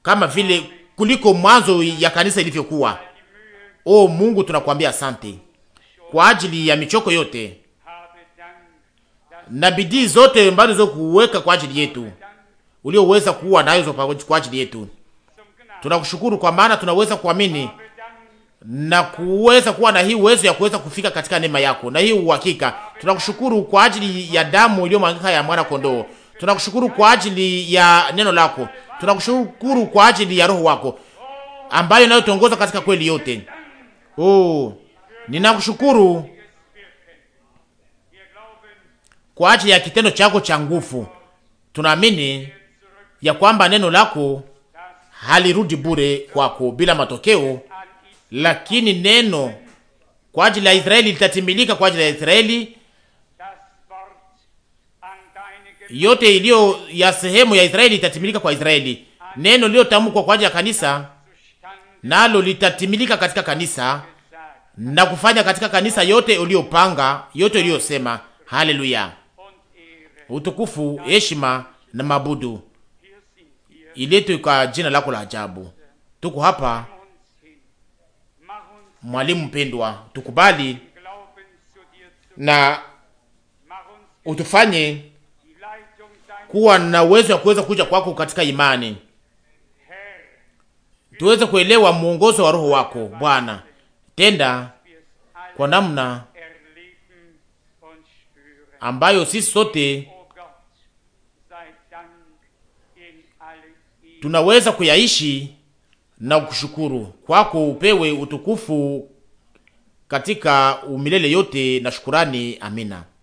kama vile kuliko mwanzo ya kanisa ilivyokuwa. O Mungu, tunakuambia asante kwa ajili ya michoko yote na bidii zote ambazo kuweka kwa ajili yetu, ulioweza kuwa nayo kwa ajili yetu. Tunakushukuru kwa maana tunaweza kuamini na kuweza kuwa na hii uwezo ya kuweza kufika katika neema yako na hii uhakika. Tunakushukuru kwa ajili ya damu iliyomwagika ya mwana kondoo. Tunakushukuru kwa ajili ya neno lako, tunakushukuru kwa ajili ya roho wako ambayo inayotongoza katika kweli yote. Oh, ninakushukuru kwa ajili ya kitendo chako cha nguvu. Tunaamini ya kwamba neno lako halirudi bure kwako bila matokeo, lakini neno kwa ajili ya Israeli litatimilika kwa ajili ya Israeli yote iliyo ya sehemu ya Israeli itatimilika kwa Israeli. Neno lililotamkwa kwa ajili ya kanisa nalo litatimilika katika kanisa na kufanya katika kanisa yote uliyopanga, yote uliyosema. Haleluya! Utukufu, heshima na mabudu iletwe kwa jina lako la ajabu. Tuko hapa mwalimu mpendwa, tukubali na utufanye kuwa na uwezo wa kuweza kuja kwako katika imani, tuweze kuelewa mwongozo wa Roho wako Bwana, tenda kwa namna ambayo sisi sote tunaweza kuyaishi na kushukuru kwako. Upewe utukufu katika umilele yote na shukurani. Amina.